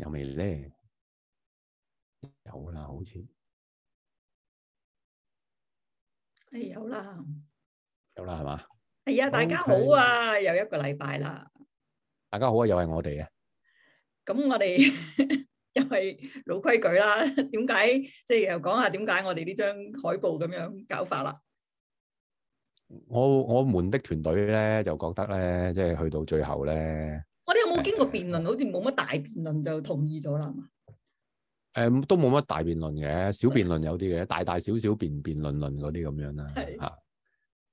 有未咧？有啦，好似。誒有啦，有啦，係嘛？係啊，大家好啊！又一個禮拜啦。大家好啊！又係我哋啊。咁我哋又係老規矩啦。點解即係又講下點解我哋呢張海報咁樣搞法啦？我我們的團隊咧就覺得咧，即係去到最後咧。我哋、啊、有冇經過辯論？的好似冇乜大辯論就同意咗啦，係、呃、都冇乜大辯論嘅，小辯論有啲嘅，的大大小小辯辯論論嗰啲咁樣啦，嚇的，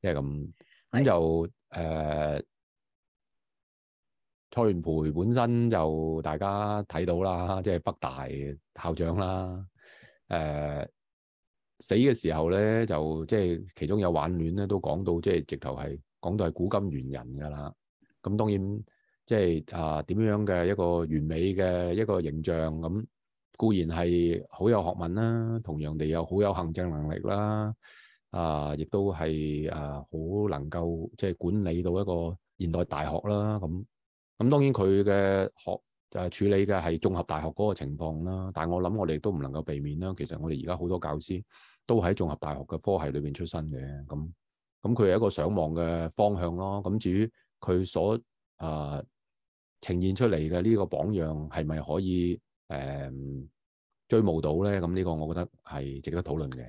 即係咁。咁就誒、是的呃，蔡元培本身就大家睇到啦，即、就、係、是、北大校長啦。誒、呃，死嘅時候咧，就即係、就是、其中有挽聯咧，都講到即係、就是、直頭係講到係古今完人噶啦。咁當然。即係啊，點、呃、樣嘅一個完美嘅一個形象咁、嗯，固然係好有學問啦，同樣地又好有行政能力啦，啊、呃，亦都係啊，好、呃、能夠即係管理到一個現代大學啦。咁、嗯、咁、嗯、當然佢嘅學就係、呃、處理嘅係綜合大學嗰個情況啦。但係我諗我哋都唔能夠避免啦。其實我哋而家好多教師都喺綜合大學嘅科系裏邊出身嘅。咁咁佢係一個上望嘅方向咯。咁、嗯、至於佢所啊～、呃呈現出嚟嘅呢個榜樣係咪可以誒、呃、追冇到咧？咁呢個我覺得係值得討論嘅。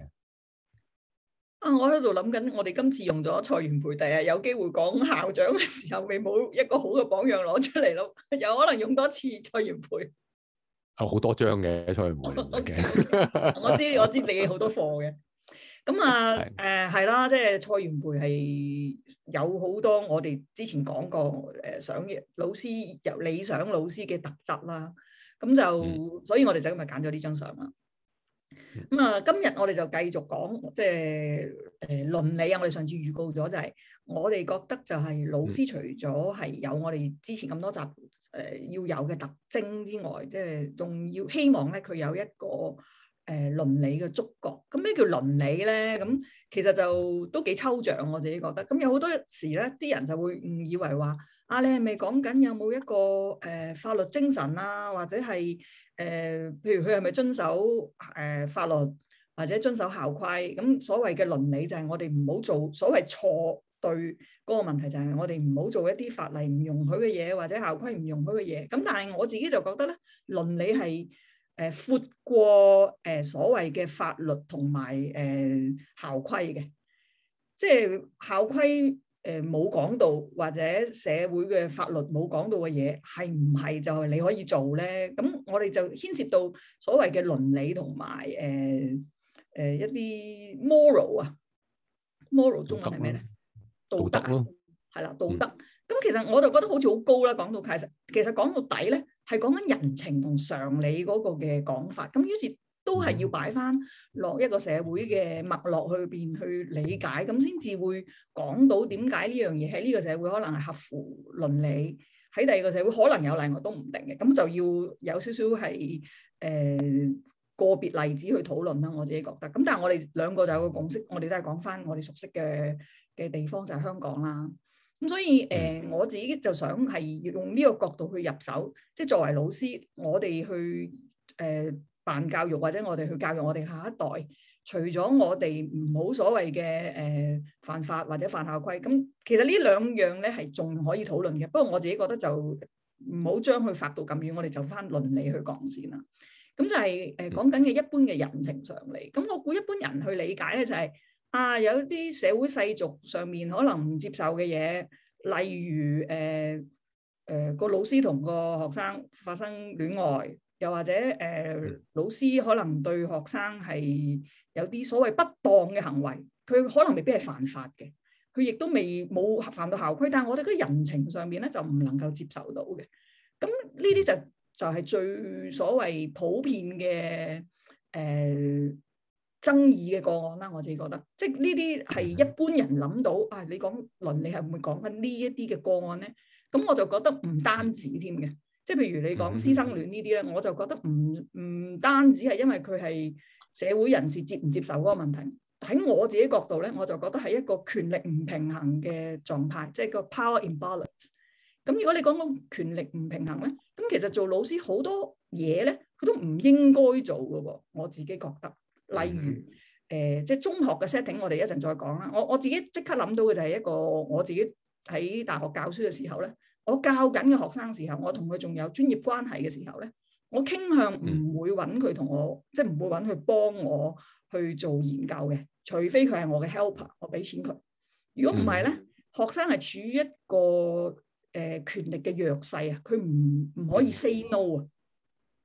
啊！我喺度諗緊，我哋今次用咗蔡元培，第日有機會講校長嘅時候，未冇一個好嘅榜樣攞出嚟咯，有可能用多次蔡元培。有好、啊、多張嘅蔡元培嘅。 我知我知你好多貨嘅。咁啊，誒係啦，即係蔡元培係有好多我哋之前講過想嘅老師、理想老師嘅特質啦。咁就、嗯、所以我就，我哋就今日揀咗呢張相啦。咁啊，今日我哋就繼續講，即係誒、呃、倫理啊、就是。我哋上次預告咗就係，我哋覺得就係老師除咗係有我哋之前咁多集誒、呃、要有嘅特徵之外，即係仲要希望咧佢有一個。誒倫理嘅觸覺，咁咩叫倫理咧？咁其實就都幾抽象，我自己覺得。咁有好多時咧，啲人就會誤以為話啊，你係咪講緊有冇一個誒法律精神啊，或者係誒譬如佢係咪遵守誒法律，或者遵守校規？咁所謂嘅倫理就係我哋唔好做所謂錯對嗰個問題，就係我哋唔好做一啲法例唔容許嘅嘢，或者校規唔容許嘅嘢。咁但係我自己就覺得咧，倫理係。誒闊過誒所謂嘅法律同埋誒校規嘅，即係校規誒冇講到或者社會嘅法律冇講到嘅嘢，係唔係就係你可以做咧？咁我哋就牽涉到所謂嘅倫理同埋誒誒一啲 moral 啊，Moral 中文係咩咧？道德，係啦，道德。咁其實我就覺得好似好高啦，講到其實其實講到底咧。係講緊人情同常理嗰個嘅講法，咁於是都係要擺翻落一個社會嘅脈絡去邊去理解，咁先至會講到點解呢樣嘢喺呢個社會可能係合乎倫理，喺第二個社會可能有例外都唔定嘅，咁就要有少少係誒個別例子去討論啦。我自己覺得，咁但係我哋兩個就有個共識，我哋都係講翻我哋熟悉嘅嘅地方就係香港啦。咁所以誒、呃、我自己就想係用呢個角度去入手，即係作為老師，我哋去誒、呃、辦教育或者我哋去教育我哋下一代。除咗我哋唔好所謂嘅誒犯法或者犯校規，咁其實呢兩樣咧係仲可以討論嘅。不過我自己覺得就唔好將佢發到咁遠，我哋就翻倫理去講先啦。咁就係誒講緊嘅一般嘅人情常理。咁我估一般人去理解咧就係、是。啊，有啲社會世俗上面可能唔接受嘅嘢，例如誒誒、呃呃、個老師同個學生發生戀愛、呃，又或者誒、呃、老師可能對學生係有啲所謂不當嘅行為，佢可能未必係犯法嘅，佢亦都未冇犯到校規，但係我哋嘅人情上面咧就唔能夠接受到嘅。咁呢啲就就係、是、最所謂普遍嘅誒。呃爭議嘅個案啦、啊，我自己覺得，即係呢啲係一般人諗到啊，你講倫理係唔會講緊呢一啲嘅個案咧？咁我就覺得唔單止添嘅，即係譬如你講師生戀呢啲咧，我就覺得唔唔單止係因為佢係社會人士接唔接受嗰個問題，喺我自己角度咧，我就覺得係一個權力唔平衡嘅狀態，即係個 power imbalance。咁如果你講講權力唔平衡咧，咁其實做老師好多嘢咧，佢都唔應該做嘅、啊，我自己覺得。例如誒、呃，即係中學嘅 setting，我哋一陣再講啦。我我，我自己即刻諗到嘅就係一個我自己喺大學教書嘅時候咧，我教緊嘅學生時候，我同佢仲有專業關係嘅時候咧，我傾向唔會揾佢同我，嗯、即係唔會揾佢幫我去做研究嘅，除非佢係我嘅 helper，我俾錢佢。如果唔係咧，嗯、學生係處於一個誒、呃、權力嘅弱勢啊，佢唔唔可以 say no 啊。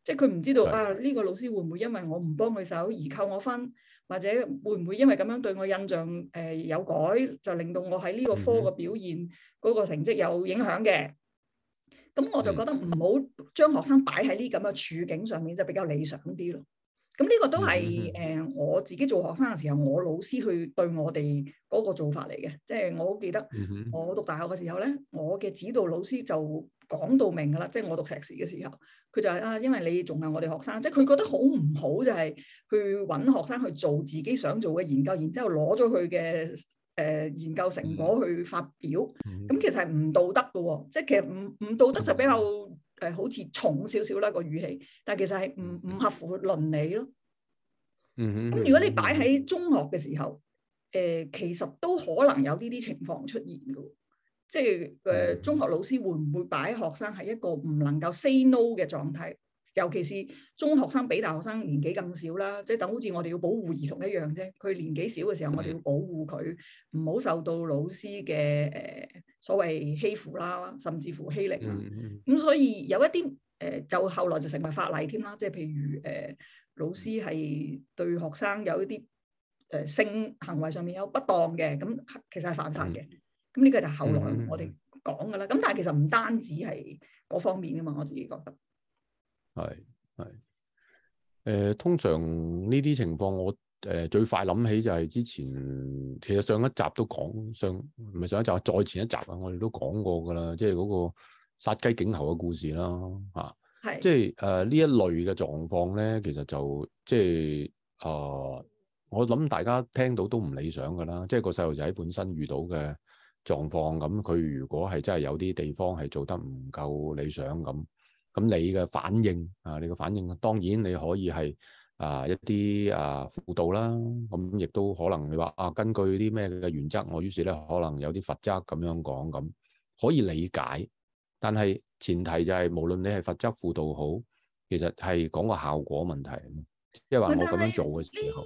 即係佢唔知道的啊！呢、這個老師會唔會因為我唔幫佢手而扣我分，或者會唔會因為咁樣對我印象誒、呃、有改，就令到我喺呢個科嘅表現嗰、嗯、哼個成績有影響嘅？咁我就覺得唔好將學生擺喺呢咁嘅處境上面就比較理想啲咯。咁呢個都係誒、嗯哼呃、我自己做學生嘅時候，我老師去對我哋嗰個做法嚟嘅。即係我好記得、嗯、哼我讀大學嘅時候咧，我嘅指導老師就講到明㗎啦，即係我讀碩士嘅時候，佢就係、是、啊，因為你仲係我哋學生，即係佢覺得好唔好就係去揾學生去做自己想做嘅研究，然之後攞咗佢嘅誒研究成果去發表，咁、mm hmm. 其實係唔道德嘅喎、哦，即係其實唔唔道德就比較誒、呃、好似重少少啦個語氣，但係其實係唔唔合乎倫理咯。嗯咁、mm hmm. 如果你擺喺中學嘅時候，誒、呃、其實都可能有呢啲情況出現嘅喎。即係誒、呃，中學老師會唔會擺學生係一個唔能夠 say no 嘅狀態？尤其是中學生比大學生年紀更少啦，即係等好似我哋要保護兒童一樣啫。佢年紀少嘅時候，我哋要保護佢，唔好受到老師嘅誒、呃、所謂欺負啦，甚至乎欺凌。咁、嗯嗯嗯、所以有一啲誒、呃，就後來就成為法例添啦。即係譬如誒、呃，老師係對學生有一啲誒、呃、性行為上面有不當嘅，咁其實係犯法嘅。嗯咁呢個就後來我哋講噶啦，咁、嗯、但係其實唔單止係嗰方面噶嘛，我自己覺得係係誒，通常呢啲情況我誒、呃、最快諗起就係之前，其實上一集都講上唔係上一集啊，再前一集啊，我哋都講過噶啦，即係嗰個殺雞儆猴嘅故事啦，啊，即係誒呢一類嘅狀況咧，其實就即係啊，我諗大家聽到都唔理想噶啦，即、就、係、是、個細路仔本身遇到嘅。狀況咁，佢如果係真係有啲地方係做得唔夠理想咁，咁你嘅反應啊，你嘅反應當然你可以係啊一啲啊輔導啦，咁亦都可能你話啊根據啲咩嘅原則，我於是咧可能有啲罰則咁樣講咁，可以理解，但係前提就係、是、無論你係罰則輔導好，其實係講個效果問題，即係話我咁樣做嘅時候。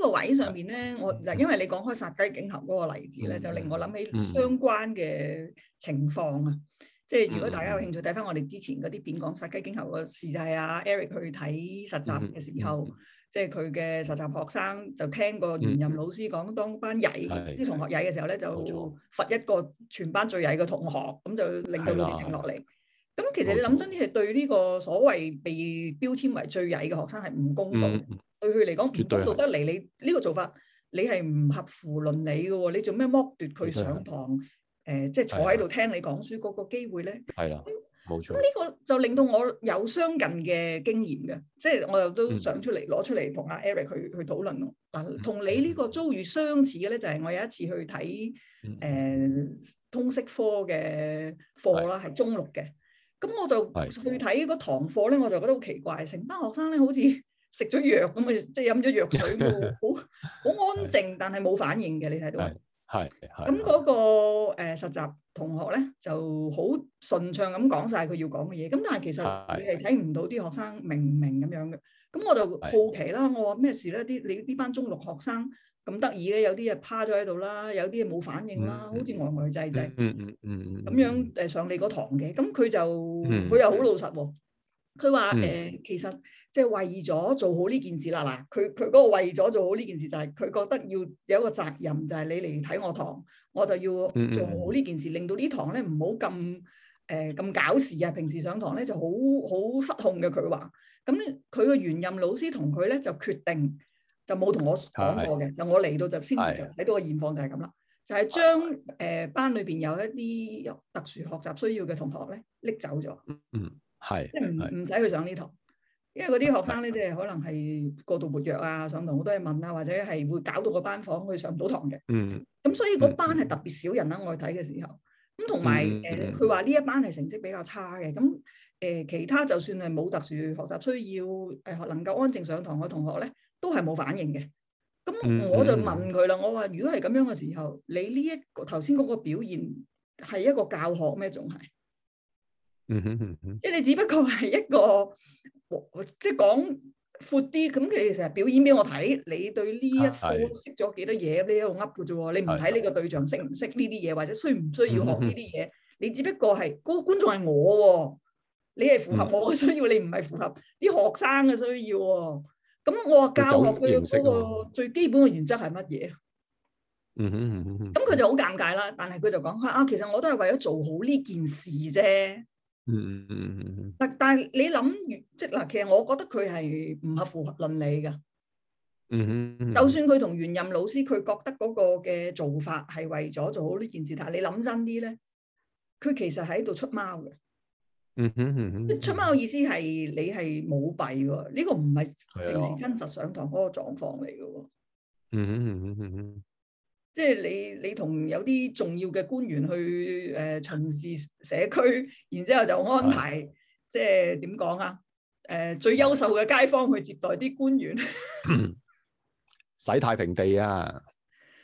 呢個位上邊咧，嗯、我嗱，因為你講開殺雞儆猴嗰個例子咧，嗯、就令我諗起相關嘅情況啊。嗯、即係如果大家有興趣睇翻我哋之前嗰啲片講殺雞儆猴個事就係啊 Eric 去睇實習嘅時候，嗯嗯、即係佢嘅實習學生就聽過原任老師講，當班曳啲、嗯、同學曳嘅時候咧，就罰一個全班最曳嘅同學，咁就令到佢哋停落嚟。咁、嗯、其實你諗真啲，係對呢個所謂被標籤為最曳嘅學生係唔公道。嗯對佢嚟講唔嗰度得嚟，你呢個做法你係唔合乎倫理嘅喎？你做咩剝奪佢上堂課誒，即係、就是、坐喺度聽你講書嗰個機會咧？係啦了，冇錯、嗯。咁呢個就令到我有相近嘅經驗嘅，即、就、係、是、我又都想出嚟攞出嚟同阿 Eric 去、嗯、去討論。嗱，同你呢個遭遇相似嘅咧，就係我有一次去睇誒、嗯嗯欸、通識科嘅課啦，係中六嘅。咁我就去睇嗰堂課咧，我就覺得好奇怪，成班學生咧好似～食咗藥咁啊，即係飲咗藥水喎，好好 安靜， 是但係冇反應嘅。你睇到啊？係係咁嗰個誒、呃、實習同學咧，就好順暢咁講晒佢要講嘅嘢。咁但係其實你係睇唔到啲學生明唔明咁樣嘅。咁我就好奇啦，我話咩事咧？啲你呢班中六學生咁得意嘅，有啲啊趴咗喺度啦，有啲冇反應啦，嗯、好似呆呆滯滯、嗯。嗯嗯嗯咁樣誒上你個堂嘅，咁佢就佢又好老實喎。佢話誒，其實即係為咗做好呢件事啦，嗱，佢佢嗰個為咗做好呢件事，就係佢覺得要有一個責任，就係、是、你嚟睇我堂，我就要做好呢件事，嗯、令到堂呢堂咧唔好咁誒咁搞事啊！平時上堂咧就好好失控嘅。佢話，咁佢個原任老師同佢咧就決定就，就冇同我講過嘅，就我嚟到就先至的就睇到個現況就係咁啦，就係、是、將誒、呃、班裏邊有一啲特殊學習需要嘅同學咧拎走咗。的嗯。係即係唔唔使去上呢堂，因為嗰啲學生咧，即係可能係過度活躍啊，上堂好多嘢問啊，或者係會搞到個班房去，佢上唔到堂嘅。嗯，咁所以嗰班係特別少人啦、啊。嗯、我去睇嘅時候，咁同埋誒，佢話呢一班係成績比較差嘅。咁誒、呃，其他就算係冇特殊學習需要，誒能夠安靜上堂嘅同學咧，都係冇反應嘅。咁我就問佢啦，嗯嗯、我話如果係咁樣嘅時候，你呢、這、一個頭先嗰個表現係一個教學咩？仲係？即係 你只不過係一個即係講闊啲，咁佢哋成日表演俾我睇，你對呢一科識咗幾多嘢？呢度噏嘅啫，你唔睇你個對象識唔識呢啲嘢，或者需唔需要學呢啲嘢？ 你只不過係個觀眾係我，你係符合我嘅需要， 你唔係符合啲學生嘅需要。咁我話教學佢嗰個最基本嘅原則係乜嘢？嗯，咁佢就好尷尬啦。但係佢就講佢啊，其實我都係為咗做好呢件事啫。嗯嗯嗯嗯嗱，但係你諗越即嗱，其實我覺得佢係唔合乎倫理嘅。嗯哼，就算佢同原任老師，佢覺得嗰個嘅做法係為咗做好呢件事，但係你諗真啲咧，佢其實喺度出貓嘅，嗯。嗯哼，出貓嘅意思係你係舞弊，呢、呢個唔係平時真實上堂嗰個狀況嚟嘅。嗯哼，嗯哼，嗯哼。即係你，你同有啲重要嘅官員去誒、呃、巡視社區，然之後就安排、哎、呀即係點講啊？誒、呃、最優秀嘅街坊去接待啲官員、 嗯，洗太平地啊！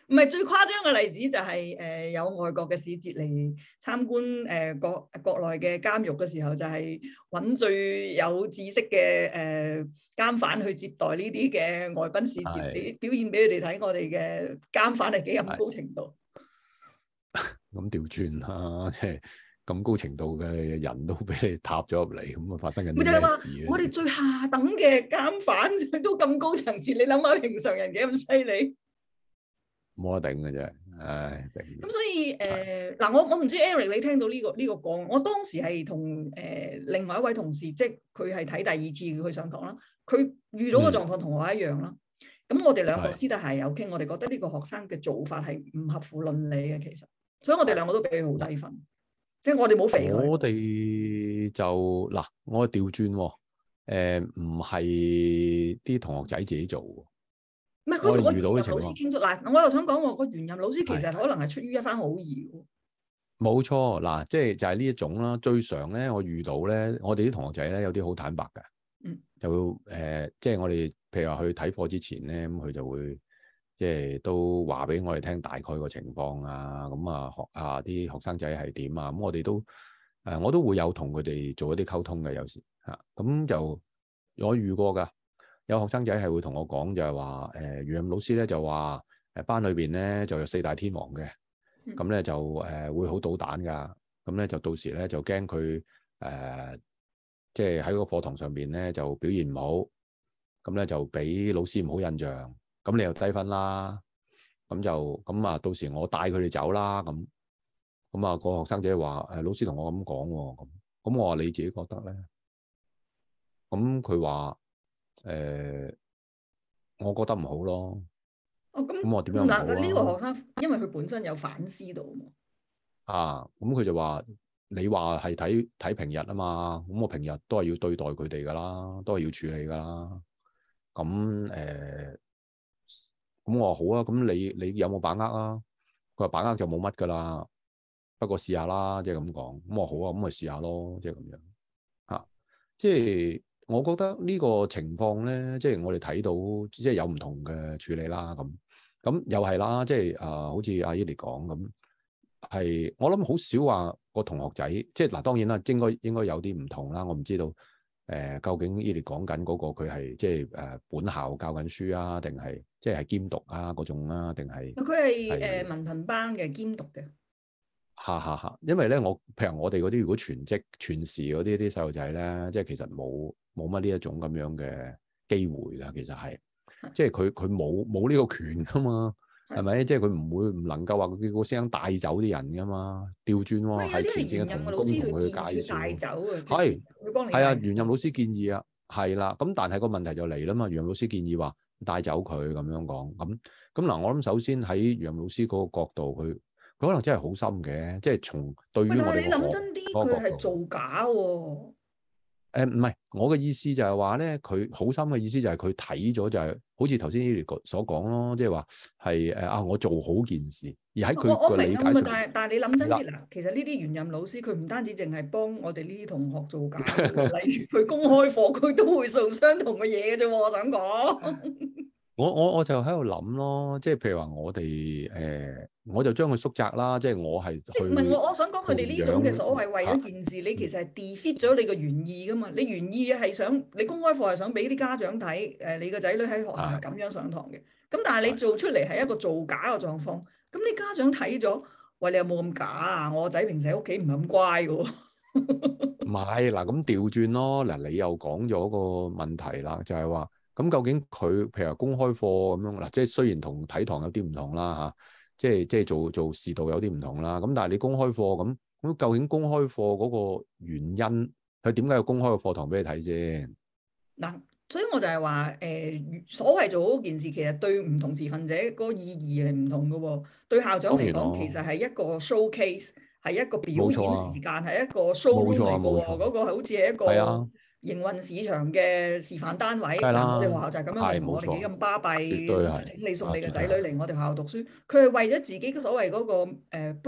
唔係，最誇張嘅例子就係誒，有外國嘅使節嚟參觀誒國國內嘅監獄嘅時候，就係揾最有知識嘅誒監犯去接待呢啲嘅外賓使節，俾表現俾佢哋睇我哋嘅監犯係幾咁高程度。咁調轉啦，即係咁高程度嘅人都俾你踏咗入嚟，咁啊發生緊啲咩事啊？我哋最下等嘅監犯都咁高層次，你諗下平常人幾咁犀利？冇得頂嘅啫，唉，頂。咁所以誒，嗱、呃，我我唔知 Eric 你聽到呢、這個呢、這個講，我當時係同誒另外一位同事，即係佢係睇第二次佢上堂啦，佢遇到嘅狀況同我一樣啦。咁、嗯、我哋兩個私底下都係有傾，的我哋覺得呢個學生嘅做法係唔合乎倫理嘅，其實，所以我哋兩個都俾佢好低分，嗯、即係我哋冇肥我。我哋就嗱，我調轉，誒，唔係啲同學仔自己做。唔係，佢我我同老師傾咗嗱，我又想講喎，個原任老師其實可能係出於一番好意。冇錯，嗱，即係就係呢一種啦。最常咧，我遇到咧，我哋啲同學仔咧，有啲好坦白嘅、嗯呃，嗯，就誒，即係我哋譬如話去睇課之前咧，咁佢就會即係都話俾我哋聽大概個情況、嗯、啊，咁啊學啊啲學生仔係點啊，咁、嗯、我哋都誒、呃，我都會有同佢哋做一啲溝通嘅，有時嚇，咁、啊、就我遇過㗎。有學生仔係會同我講，就係話誒余音老師咧就話誒班裏邊咧就有四大天王嘅，咁咧就誒會好搗蛋噶，咁咧就到時咧就驚佢誒即係喺個課堂上邊咧就表現唔好，咁咧就俾老師唔好印象，咁你又低分啦，咁就咁啊到時我帶佢哋走啦，咁咁啊個學生仔話誒、欸、老師同我咁講喎，咁咁我話你自己覺得咧，咁佢話。誒、呃，我覺得唔好咯。咁咁、哦嗯、我點樣好？嗱，呢、這個學生因為佢本身有反思到啊。咁佢就話：你話係睇睇平日啊嘛。咁我平日都係要對待佢哋噶啦，都係要處理噶啦。咁誒，咁、呃、我話好啊。咁你你有冇把握啊？佢話把握就冇乜噶啦。不過試下啦，即係咁講。咁我好啊，咁我試下咯，即係咁樣。吓、啊，即係。我覺得呢個情況咧，即係我哋睇到，即係有唔同嘅處理啦。咁咁又係啦，即係啊、呃，好似阿伊莉講咁係，我諗好少話個同學仔，即係嗱，當然啦，應該應該有啲唔同啦。我唔知道誒、呃，究竟伊莉講緊嗰個佢係即係誒、呃、本校教緊書啊，定係即係兼讀啊嗰種啊，定係佢係誒文憑班嘅兼讀嘅。哈哈哈，因為咧，我譬如我哋嗰啲如果全職全時嗰啲啲細路仔咧，即係其實冇，冇乜呢一種咁樣嘅機會啦，其實係，即係佢佢冇冇呢個權噶嘛，係咪的？即係佢唔會唔能夠話佢個聲音帶走啲人噶嘛，調轉喎，前線嘅同工同佢介紹，係，係啊，袁、啊是啊、任老師建議啊，係啦，咁但係個問題就嚟啦嘛，袁任老師建議話帶走佢咁樣講，咁咁嗱，我諗首先喺楊老師嗰個角度，佢佢可能真係好心嘅，即係從對於我哋。但你諗真啲，佢係造假喎。誒唔係，我嘅意思就係話咧，佢好深嘅意思就係佢睇咗就係、是，好似頭先呢條所講咯，即係話係誒啊，我做好件事，而喺佢個理解。我明啊嘛，但係你諗真啲嗱，其實呢啲原任老師佢唔單止淨係幫我哋呢啲同學做假，例 如佢公開課佢都會做相同嘅嘢嘅啫喎，我想講。 我我我就喺度諗咯，即係譬如話我哋誒、呃，我就將佢縮窄啦。即係我係唔係我我想講佢哋呢種嘅所謂為咗件事，你其實係 defeat 咗你個原意噶嘛？你原意係想你公開課係想俾啲家長睇，誒，你個仔女喺學校係咁樣上堂嘅。咁但係你做出嚟係一個造假嘅狀況，咁啲家長睇咗，喂，你有冇咁假啊？我仔平時喺屋企唔係咁乖噶喎。 唔係嗱，咁調轉咯，嗱，你又講咗個問題啦，就係話。咁究竟佢譬如話公開課咁樣嗱，即係雖然同睇堂有啲唔同啦嚇，即係即係做做時度有啲唔同啦。咁但係你公開課咁，咁究竟公開課嗰個原因，佢點解要公開個課堂俾你睇先？嗱、嗯，所以我就係話誒，所謂做好件事，其實對唔同持份者嗰個意義係唔同嘅喎。對校長嚟講，其實係一個 showcase，係一個表現時間，係、啊、一個 show 嚟喎、啊。嗰個係好似係一個係啊。 營運市場嘅示範單位，我哋學校就係咁樣嚟，我哋幾咁巴閉。絕對係。你送你個仔女嚟我哋學校讀書，佢係為咗自己嘅所謂嗰個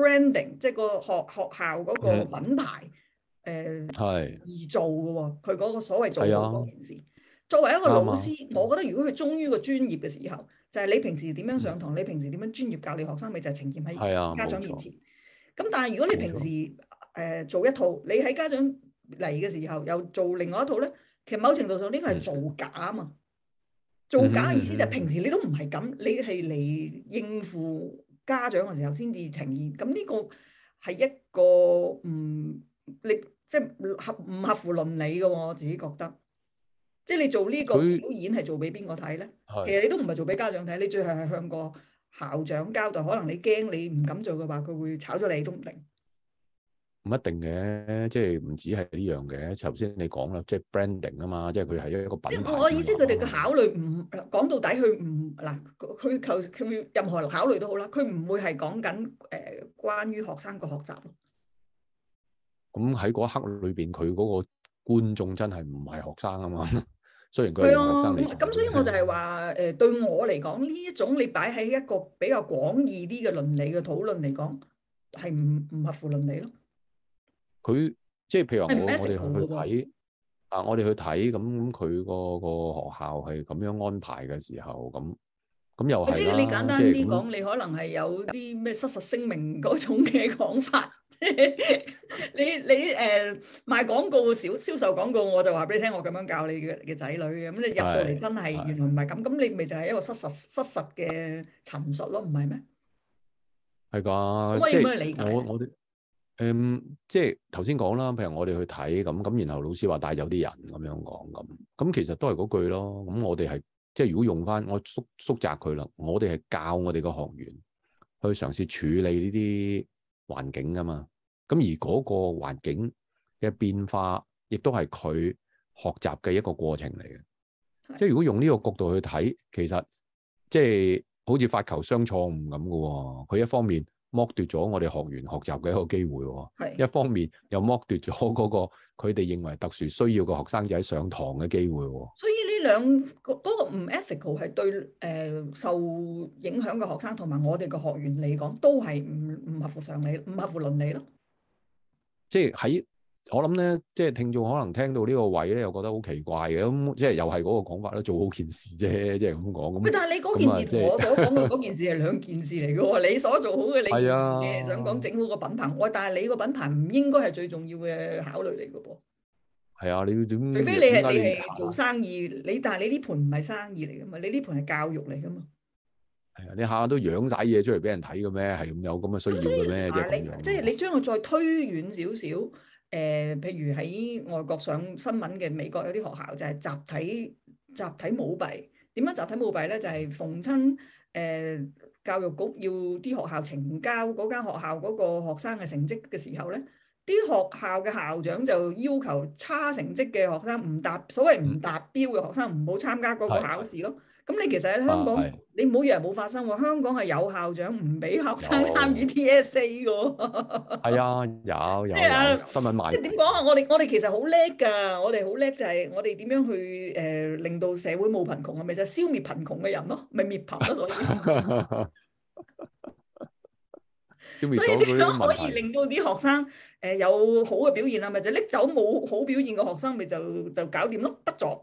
branding，即係個學學校嗰個品牌誒而做嘅喎。佢嗰個所謂做嗰個面試。作為一個老師，我覺得如果佢忠於個專業嘅時候，就係你平時點樣上堂，你平時點樣專業教練學生，咪就係呈現喺家長面前。咁但係如果你平時誒做一套，你喺家長嚟嘅時候又做另外一套咧，其實某程度上呢個係造假啊嘛！造假嘅意思就係平時你都唔係咁，嗯、你係嚟應付家長嘅時候先至呈現。咁、嗯、呢、這個係一個唔你即係合唔合乎倫理嘅喎，我自己覺得。即係你做呢個表演係做俾邊個睇咧？他其實你都唔係做俾家長睇，你最後係向個校長交代。可能你驚你唔敢做嘅話，佢會炒咗你都唔定。唔一定嘅，即係唔止係呢樣嘅。頭先你講啦，即係 branding 啊嘛，即係佢係一個品牌。我嘅意思，佢哋嘅考慮唔講到底，佢唔嗱佢求佢任何考慮都好啦，佢唔會係講緊誒關於學生嘅學習咯。咁喺嗰一刻裏邊，佢嗰個觀眾真係唔係學生啊嘛。雖然佢係學生嚟，咁所以我就係話誒，對我嚟講，呢一種你擺喺一個比較廣義啲嘅倫理嘅討論嚟講，係唔唔合乎倫理咯。佢即係譬如話我我哋去去睇，啊我哋去睇咁咁佢個個學校係咁樣安排嘅時候，咁咁又係啊！即係你簡單啲講，你可能係有啲咩失實聲明嗰種嘅講法。你你誒賣廣告小銷銷售廣告，我就話俾你聽，我咁樣教你嘅嘅仔女嘅，咁你入到嚟真係原來唔係咁，咁你咪就係一個失實失實嘅陳述咯，唔係咩？係噶，即係我我。誒、嗯，即係頭先講啦，譬如我哋去睇咁，咁然後老師話帶走啲人咁樣講咁，咁其實都係嗰句咯。咁我哋係即係如果用返我縮縮窄佢啦，我哋係教我哋個學員去嘗試處理呢啲環境㗎嘛。咁而嗰個環境嘅變化，亦都係佢學習嘅一個過程嚟嘅。的即係如果用呢個角度去睇，其實即係好似發球雙錯誤咁嘅喎。佢一方面。剝奪咗我哋學員學習嘅一個機會，哦，係是一方面又剝奪咗嗰個佢哋認為特殊需要嘅學生就喺上堂嘅機會，哦，所以呢兩個，嗰個唔 ethical 係對，誒、呃、受影響嘅學生同埋我哋嘅學員嚟講都係唔唔合乎常理，唔合乎倫理咯。即係喺。我諗咧，即係聽眾可能聽到呢個位咧，又覺得好奇怪嘅。咁、嗯、即係又係嗰個講法咧，做好件事啫，即係咁講。喂，但係你嗰件事同我所講嘅嗰件事係兩件事嚟㗎喎。你所做好嘅，哎、呀你係想講整好個品牌。喂、哎，但係你個品牌唔應該係最重要嘅考慮嚟㗎噃。係啊、哎，你點？除非你係你係做生意，啊、你但係你呢盤唔係生意嚟噶嘛？你呢盤係教育嚟噶嘛？係、哎就是、啊，你下下都養晒嘢出嚟俾人睇嘅咩？係咁有咁嘅需要嘅咩？即係即係你將佢再推遠少少。誒、呃，譬如喺外國上新聞嘅，美國有啲學校就係集體集體舞弊。點樣集體舞弊咧？就係逢親誒教育局要啲學校呈交嗰間學校嗰個學生嘅成績嘅時候咧，啲學校嘅校長就要求差成績嘅學生唔達所謂唔達標嘅學生唔好參加嗰個考試咯。咁你其實喺香港，你唔好以為冇發生喎。香港係有校長唔俾學生參與 TSA 嘅喎。係啊，有有新聞賣。即係點講啊？我哋我哋其實好叻㗎。我哋好叻就係我哋點樣去誒令到社會冇貧窮啊？係咪就係消滅貧窮嘅人咯，咪滅貧咯。所以所以點樣可以令到啲學生誒有好嘅表現啊？咪就拎走冇好表現嘅學生，咪就就搞掂咯，得咗。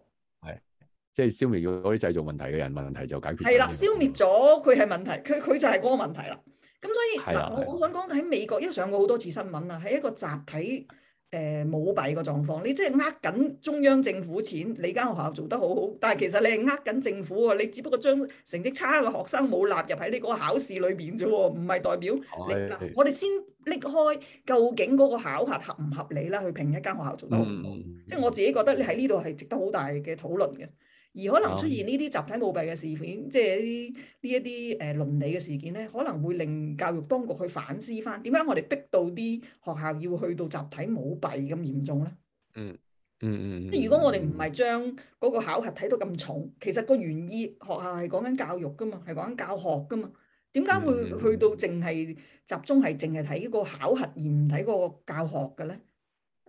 即係消滅咗嗰啲製造問題嘅人，問題就解決。係啦，消滅咗佢係問題，佢佢就係嗰個問題的啦。咁所以嗱，我我想講喺美國，因為上過好多次新聞啦，係一個集體誒、呃、舞弊嘅狀況。你即係呃緊中央政府錢，你間學校做得好好，但係其實你係呃緊政府喎、啊。你只不過將成績差嘅學生冇納入喺呢的個考試裏邊啫喎，唔係代表。嗱，我哋先拎開，究竟嗰個考核合唔合理啦？去評一間學校做得好唔好？嗯嗯、即係我自己覺得，你喺呢度係值得好大嘅討論嘅。而可能出現呢啲集體舞弊嘅事件，即係呢呢一啲誒倫理嘅事件咧，可能會令教育當局去反思返，點解我哋逼到啲學校要去到集體舞弊咁嚴重咧、嗯？嗯嗯嗯。即如果我哋唔係將嗰個考核睇到咁重，其實個原意學校係講緊教育㗎嘛，係講緊教學㗎嘛，點解會去到淨係集中係淨係睇個考核而唔睇個教學嘅咧？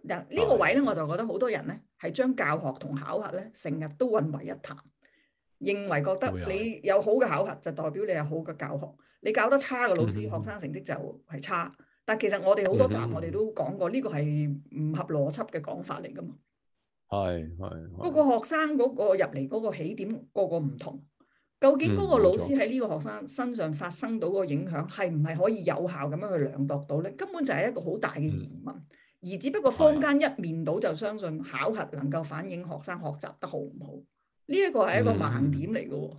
嗱呢個位咧，我就覺得好多人咧係將教學同考核咧成日都混為一談，認為覺得你有好嘅考核就代表你有好嘅教學，你教得差嘅老師、嗯、哼學生成績就係差。但其實我哋好多集我哋都講過，呢、呢個係唔合邏輯嘅講法嚟噶嘛。係係、嗯哼。嗰個學生嗰個入嚟嗰個起點個個唔同，究竟嗰個老師喺呢個學生身上發生到個影響係唔係可以有效咁樣去量度到咧？根本就係一個好大嘅疑問。而只不過坊間一面倒，就相信考核能夠反映學生學習得好唔好，呢一個係一個盲點嚟㗎喎。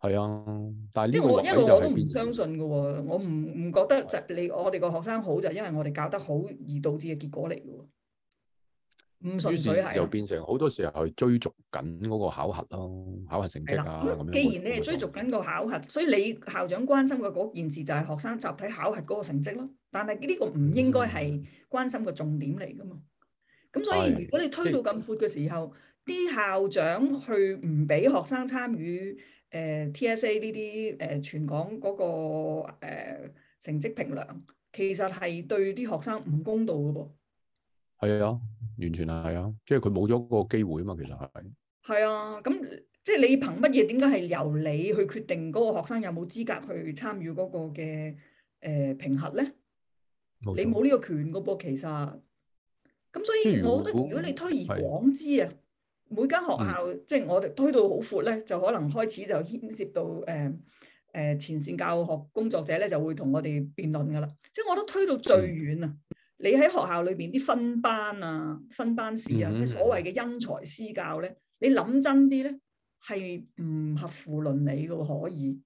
係、嗯、啊，但係即係我，一路我都唔相信㗎喎，我唔唔覺得就你我哋個學生好就係因為我哋教得好而導致嘅結果嚟㗎喎。於是就變成好多時候去追逐緊嗰個考核咯、啊，考核成績啊咁樣。既然你係追逐緊個考核，所以你校長關心嘅嗰件事就係學生集體考核嗰個成績咯、啊。但係呢個唔應該係關心嘅重點嚟噶嘛。咁、嗯、所以如果你推到咁闊嘅時候，啲校長去唔俾學生參與誒 TSA 呢啲誒全港嗰、嗰個誒、呃、成績評量，其實係對啲學生唔公道噶噃。係啊。完全係啊，即係佢冇咗嗰個機會啊嘛，其實係。係啊，咁即係你憑乜嘢？點解係由你去決定嗰個學生有冇資格去參與嗰個嘅誒、呃、評核咧？冇錯。你冇呢個權嘅噃，其實。咁所以，我覺得如果你推而廣之啊，如果，每間學校係嘅。即係我哋推到好闊咧，就可能開始就牽涉到誒誒、呃呃、前線教學工作者咧，就會同我哋辯論嘅啦。即係我都推到最遠啊！你喺學校裏邊啲分班啊、分班試啊，啲、嗯、所謂嘅因材施教咧，你諗真啲咧，係唔合乎倫理嘅可以？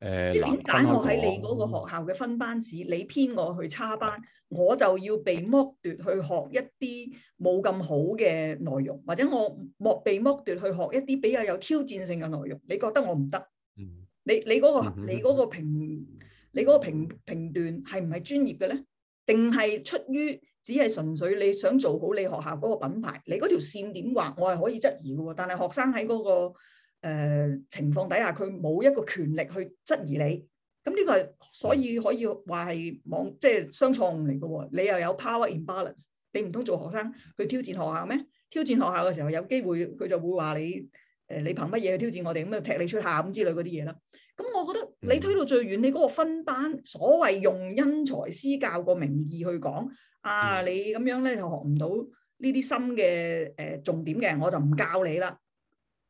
誒、呃，點解我喺你嗰個學校嘅分班試，嗯、你編我去差班，我就要被剝奪去學一啲冇咁好嘅內容，或者我剝被剝奪去學一啲比較有挑戰性嘅內容？你覺得我唔得、嗯？你、嗰個、你嗰個你嗰個評、嗯、你嗰個評個評斷係唔係專業嘅咧？定係出於只係純粹你想做好你學校嗰個品牌，你嗰條線點畫，我係可以質疑嘅喎。但係學生喺嗰、那個、呃、情況底下，佢冇一個權力去質疑你。咁呢個係所以可以話係網即係、就是、雙錯誤嚟嘅喎。你又有 power imbalance，你唔通做學生去挑戰學校咩？挑戰學校嘅時候有機會佢就會話你誒、呃、你憑乜嘢去挑戰我哋咁樣踢你出校咁之類嗰啲嘢啦。咁我覺得。你推到最遠，你嗰個分班，所謂用因材施教個名義去講，啊，你咁樣咧就學唔到呢啲新嘅誒重點嘅，我就唔教你啦。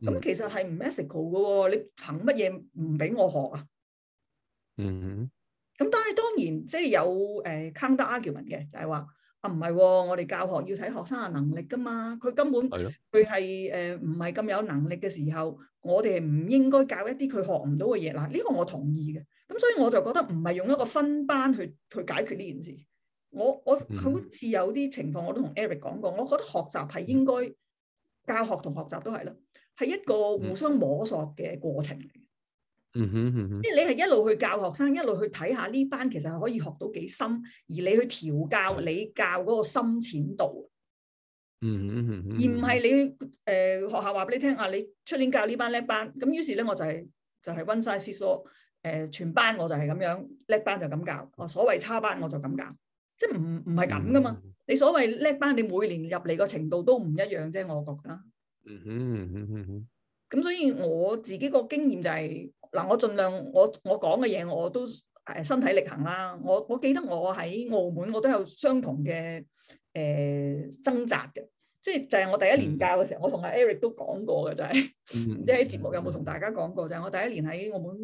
咁其實係唔 ethical 嘅喎。哦，你憑乜嘢唔俾我學啊？嗯哼。咁但係當然即係有誒 counter argument 嘅，就係話。啊，唔係喎！我哋教學要睇學生嘅能力㗎嘛，佢根本佢係誒唔係咁有能力嘅時候，我哋係唔應該教一啲佢學唔到嘅嘢嗱。呢、這個我同意嘅，咁所以我就覺得唔係用一個分班去去解決呢件事。我我好似有啲情況我都同 Eric 講過，我覺得學習係應該、嗯、教學同學習都係啦，係一個互相摸索嘅過程嚟。嗯哼哼，即係你係一路去教學生，一路去睇下呢班其實係可以學到幾深，而你去調教你教嗰個深淺度。嗯嗯嗯，而唔係你去誒學校話俾你聽啊，你出年教呢班叻班，咁於是咧我就係就係 one size fits all 誒全班，我就係咁樣叻班就咁教，我所謂差班我就咁教，即係唔唔係咁噶嘛？ 你所謂叻班，你每年入嚟個程度都唔一樣啫，我覺得。嗯嗯嗯嗯嗯，咁所以我自己個經驗就係。嗱，我儘量我我講嘅嘢我都誒身體力行啦。我我記得我喺澳門，我都有相同嘅誒掙扎嘅，即係就係我第一年教嘅時候，嗯、我同阿 Eric 都講過嘅，就係、是、唔知喺節目有冇同大家講過、嗯、就係我第一年喺澳門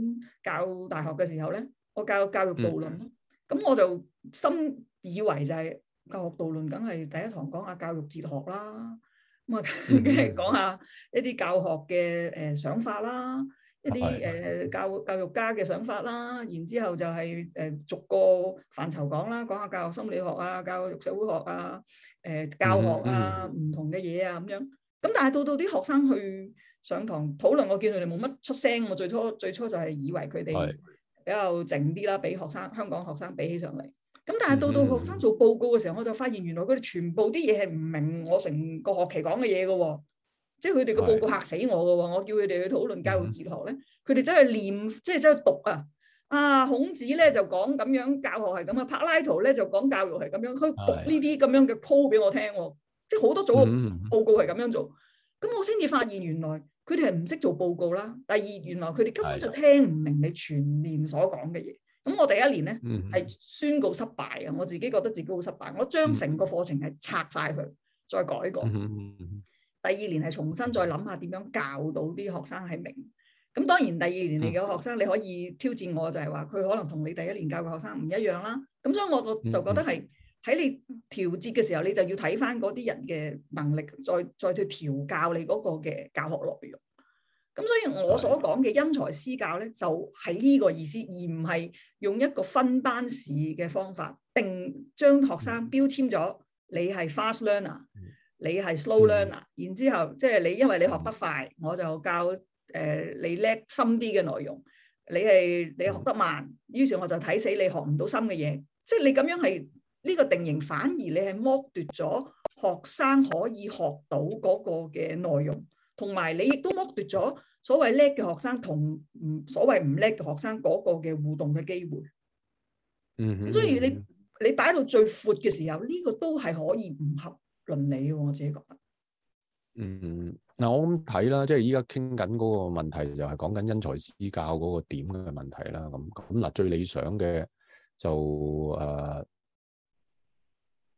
教大學嘅時候咧，我教教育導論咯。咁、嗯、我就深以為就係教學導論，梗係第一堂講下教育哲學啦，咁啊梗係講下一啲教學嘅誒想法啦。嗯嗯一啲誒、呃、教教育家嘅想法啦，然之後就係、是、誒、呃、逐個範疇講啦，講下教育心理學啊、教育社會學啊、誒、呃、教學啊、唔、嗯嗯、同嘅嘢啊咁樣。咁但係到到啲學生去上堂討論，討論我見佢哋冇乜出聲。我最初最初就係以為佢哋比較靜啲啦，比學生香港學生比起上嚟。咁但係到到學生做報告嘅時候，嗯、我就發現原來佢哋全部啲嘢係唔明我成個學期講嘅嘢㗎喎。即係佢哋個報告嚇死我噶喎！的我叫佢哋去討論教育哲學咧，佢哋真係念，即係真係讀啊！啊，孔子咧就講咁樣，教學係咁啊，柏拉圖咧就講教育係咁樣，佢讀呢啲咁樣嘅鋪俾我聽，的即係好多組報告係咁樣做。咁、嗯、我先至發現原來佢哋係唔識做報告啦。第二，原來佢哋根本就聽唔明你全年所講嘅嘢。咁的我第一年咧係、嗯、宣告失敗啊！我自己覺得自己好失敗。我將成個課程係拆晒佢，再改過。第二年係重新再諗下點樣教到啲學生係明，咁當然第二年嚟嘅學生你可以挑戰我就，就係話佢可能同你第一年教嘅學生唔一樣啦。咁所以我個就覺得係喺你調節嘅時候，你就要睇翻嗰啲人嘅能力，再再去調教你嗰個嘅教學內容。咁所以我所講嘅因材施教咧，就係、是、呢個意思，而唔係用一個分班試嘅方法定將學生標籤咗你係 fast learner。你係 slow learner 然之後即係你因為你學得快，我就教誒、呃、你叻深啲嘅內容。你係你學得慢，於是我就睇死你學唔到深嘅嘢。即係你咁樣係呢、這個定型，反而你係剝奪咗學生可以學到嗰個嘅內容，同埋你亦都剝奪咗所謂叻嘅學生同唔所謂唔叻嘅學生嗰個嘅互動嘅機會。嗯哼，所以你你擺到最闊嘅時候，呢、這個都係可以唔合。論理嘅，我自己覺得，嗯，嗱，我咁睇啦，即係依家傾緊嗰個問題，就係講緊因材施教嗰個點嘅問題啦。咁咁嗱，最理想嘅就誒、呃，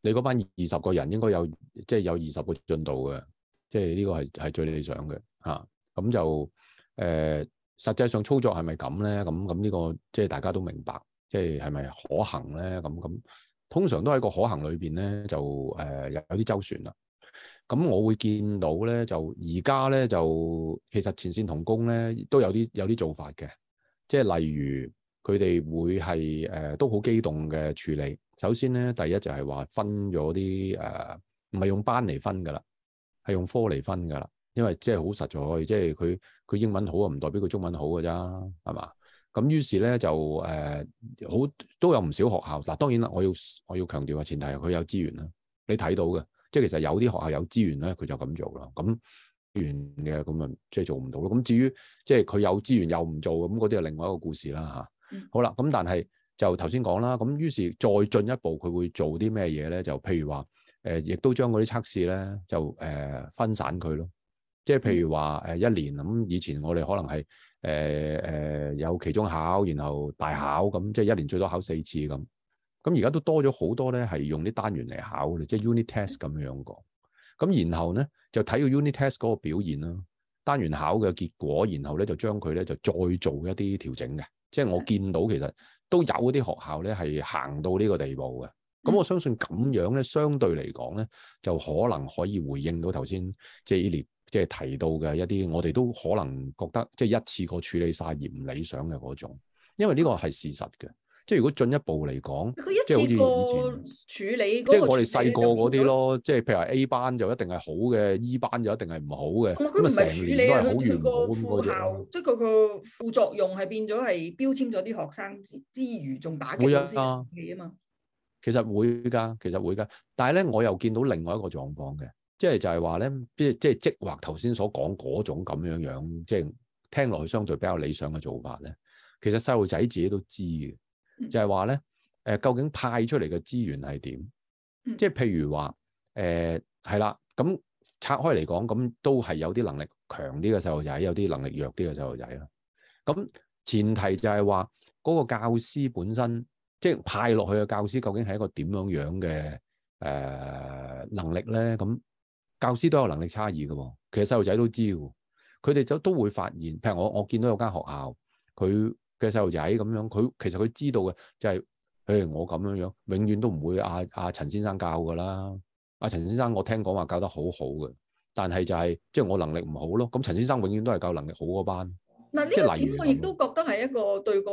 你嗰班二十個人應該有即係有二十個進度嘅，即係呢個係係最理想嘅嚇。咁、啊、就誒、呃，實際上操作係咪咁咧？咁咁呢個即係大家都明白，即係係咪可行咧？咁咁。通常都喺個可行裏邊咧，就誒、呃、有啲周旋啦。咁我會見到咧，就而家咧就其實前線同工咧都有啲有啲做法嘅，即係例如佢哋會係誒、呃、都好機動嘅處理。首先咧，第一就係話分咗啲誒，唔、呃、係用班嚟分噶啦，係用科嚟分噶啦。因為即係好實在，即係佢佢英文好啊，唔代表佢中文好噶咋，係嘛？咁於是咧就誒、呃、好都有唔少學校嗱，當然啦，我要我要強調嘅前提係佢有資源啦，你睇到嘅，即係其實有啲學校有資源咧，佢就咁做咯。咁唔嘅咁咪即係做唔到咯。咁至於即係佢有資源又唔做咁嗰啲係另外一個故事啦嚇、啊。好啦，咁但係就頭先講啦。咁於是再進一步，佢會做啲咩嘢咧？就譬如話誒，亦、呃、都將嗰啲測試咧，就誒、呃、分散佢咯。即係譬如話誒、呃、一年咁，以前我哋可能係。誒誒，有期中考，然後大考，咁即係一年最多考四次咁。咁而家都多咗好多咧，係用啲單元嚟考嘅，即係 unit test 咁樣講。咁然後咧就睇個 unit test 嗰個表現啦，單元考嘅結果，然後咧就將佢咧就再做一啲調整嘅。即係我見到其實都有啲學校咧係行到呢個地步嘅。咁我相信咁樣咧，相對嚟講咧，就可能可以回應到頭先即係伊即係提到嘅一啲，我哋都可能覺得即係一次過處理晒而唔理想嘅嗰種，因為呢個係事實嘅。即係如果進一步嚟講，即係好似以前處理，即係我哋細個嗰啲咯。即係譬如話 A 班就一定係好嘅，E 班就一定係唔好嘅。咁啊、嗯，成年都係好與唔好，唔會咁嘅？即係嗰個副作用係變咗係標籤咗啲學生之餘，仲打機啊！會嘛，其實會㗎，其實會㗎。但係咧，我又見到另外一個狀況嘅。即係就係話咧，即係即係即或頭先所講嗰種咁樣樣，即係聽落去相對比較理想嘅做法咧。其實細路仔自己都知嘅，就係話咧，誒究竟派出嚟嘅資源係點？即係譬如話，誒係啦，咁拆開嚟講，咁都係有啲能力強啲嘅細路仔，有啲能力弱啲嘅細路仔啦。咁前提就係話，嗰、那個教師本身，即係派落去嘅教師，究竟係一個點樣樣嘅誒、呃、能力咧？咁教師都有能力差異嘅、哦，其實細路仔都知嘅，佢哋就都會發現。譬如我，我見到有間學校，佢嘅細路仔咁樣，佢其實佢知道嘅就係、譬如我咁樣樣，永遠都唔會阿、啊、阿、啊啊、陳先生教嘅啦。阿、啊、陳先生我聽講話教得好好嘅，但係就係即係我能力唔好咯。咁陳先生永遠都係教能力好嗰班。嗱，呢點我亦都覺得係一個對個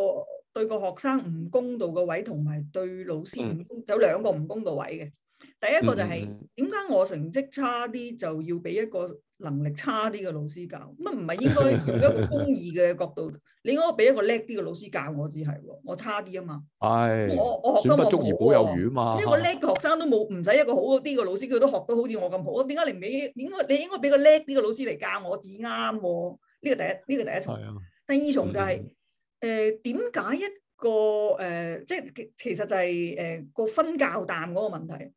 對個學生唔公道嘅位，同埋對老師唔公，嗯、有兩個唔公道嘅位嘅。第一個就係點解我成績差啲就要俾一個能力差啲嘅老師教？咁啊唔係應該用一個公義嘅角度，你應該俾一個叻啲嘅老師教我只係喎。我差啲啊嘛，我我學得唔好啊，一個叻嘅學生都冇，唔使一個好啲嘅老師佢都學到好似我咁好。點解你唔俾？應該，你應該俾個叻啲嘅老師嚟教我至啱？呢個第一，呢個第一重。啊、第二重就係誒點解一個誒，即係其實就係、係、誒、呃就係呃、個分教淡嗰個問題。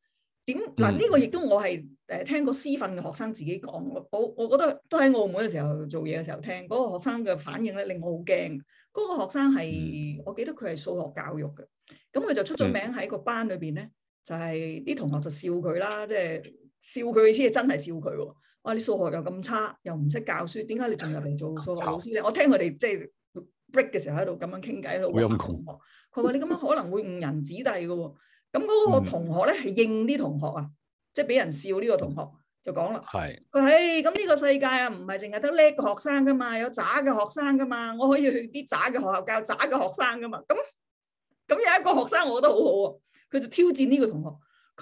點嗱？呢、嗯、個亦都我係誒聽過師訓嘅學生自己講，我我覺得都喺澳門嘅時候做嘢嘅時候聽嗰、那個學生嘅反應咧，令我好驚。嗰、那個學生係、嗯、我記得佢係數學教育嘅，咁佢就出咗名喺個班裏邊咧，嗯、就係、是、啲同學就笑佢啦，即、就、係、是、笑佢先思係真係笑佢喎、哦。哇、啊！你數學又咁差，又唔識教書，點解你仲入嚟做數學老師咧？呃、我聽佢哋即係 break 嘅時候喺度咁樣傾偈喺度。陰功佢話你咁樣可能會誤人子弟嘅喎、哦。咁嗰個同學咧，係應啲同學啊，即係俾人笑呢、呢個同學就講啦，佢係咁，呢個世界啊，唔係淨係得叻嘅學生噶嘛，有渣嘅學生噶嘛，我可以去啲渣嘅學校教渣嘅學生噶嘛，咁咁有一個學生我覺得好好、啊、喎，佢就挑戰呢個同學，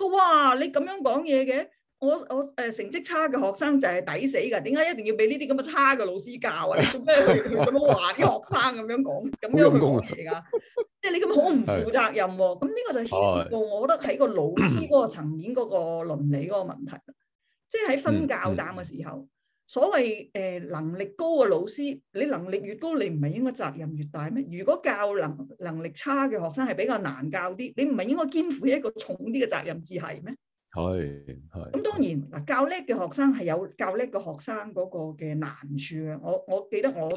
佢哇、wow, 你咁樣講嘢嘅。我我誒、呃，成績差嘅學生就係抵死噶，點解一定要俾呢啲咁嘅差嘅老師教啊？你做咩佢咁樣話啲學生咁樣講，咁樣去講嘢噶？ 即係你咁好唔負責任喎、哦？咁呢 個就牽涉到，我覺得喺個老師嗰個層面嗰個倫理嗰個問題。 即係喺分教擔嘅時候， 所謂誒、呃、能力高嘅老師，你能力越高，你唔係應該責任越大咩？如果教能能力差嘅學生係比較難教啲，你唔係應該肩負起一個重啲嘅責任至係咩？係，係、嗯。咁、嗯、當然嗱，教叻嘅學生係有教叻嘅學生嗰個嘅難處嘅。我我記得我都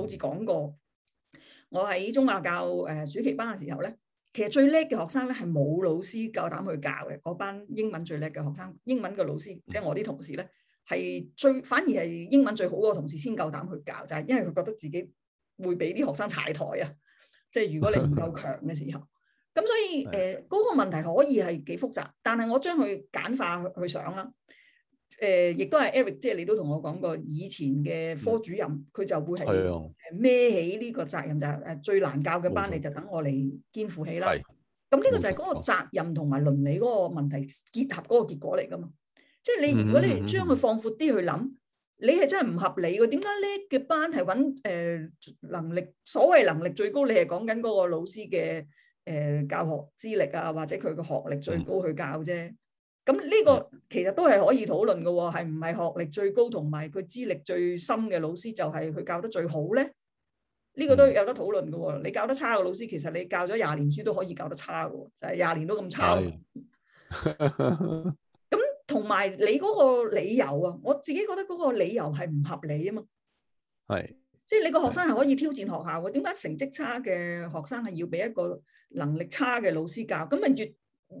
好似講過，嗯、我喺中華教誒、呃、暑期班嘅時候咧，其實最叻嘅學生咧係冇老師夠膽去教嘅。嗰班英文最叻嘅學生，英文嘅老師，即、就、係、是、我啲同事咧，係最反而係英文最好嗰個同事先夠膽去教，就係、是、因為佢覺得自己會俾啲學生踩台啊。即、就、係、是、如果你唔夠強嘅時候。 咁所以誒嗰的、呃嗰個問題可以係幾複雜，但係我將佢簡化去想啦。誒、呃，亦都係 Eric，即係你都同我講過，以前嘅科主任佢的就會係孭的起呢個責任，就係、是、誒最難教嘅班，錯你就等我嚟肩負起啦。咁呢的個就係嗰個責任同埋倫理嗰個問題結合嗰個結果嚟噶嘛？即係你如果、嗯嗯嗯、你將佢放闊啲去諗，你係真係唔合理嘅。點解呢個班係揾誒能力所謂能力最高？你係講緊嗰個老師嘅。誒、呃，教學資歷啊，或者佢個學歷最高去教啫。咁呢、嗯、個其實都係可以討論嘅，係唔係學歷最高同埋佢資歷最深嘅老師就係佢教得最好咧？呢、這個都有得討論嘅。嗯、你教得差嘅老師，其實你教咗廿年書都可以教得差嘅，就係、是、廿年都咁差。咁同埋你嗰個理由啊，我自己覺得嗰個理由係唔合理啊嘛。係。即係你個學生係可以挑戰學校嘅，點解成績差嘅學生係要俾一個能力差嘅老師教？咁咪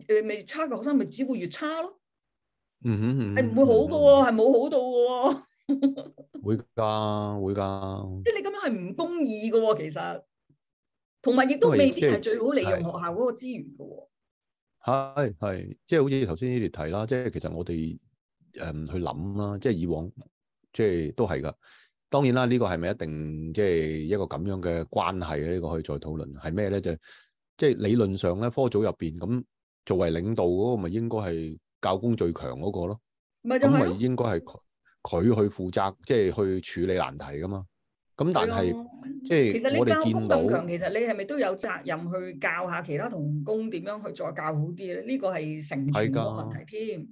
越誒咪差嘅學生咪只會越差咯、嗯？嗯哼，係唔會好嘅喎，係冇、嗯、好到嘅喎。會噶，會噶。即係你咁樣係唔公義嘅，其實同埋亦都未必係最好利用、就是、學校嗰個資源嘅。係係，即係、就是、好似頭先呢啲題啦，即、就、係、是、其實我哋誒唔去諗啦，即、就、係、是、以往是是，即係都係噶。當然啦，呢、這個係咪一定即係一個咁樣嘅關係呢、這個可以再討論。係咩咧？就是、即係理論上咧，科組入邊咁作為領導嗰個，咪應該係教工最強嗰、那個咯。咁咪、就是、應該係佢去負責，即、就、係、是、去處理難題噶嘛。咁但係了即係我哋見到其，其實你教工最強，其實你係咪都有責任去教下其他同工點樣去再教好啲咧？呢、這個係成全個問題添。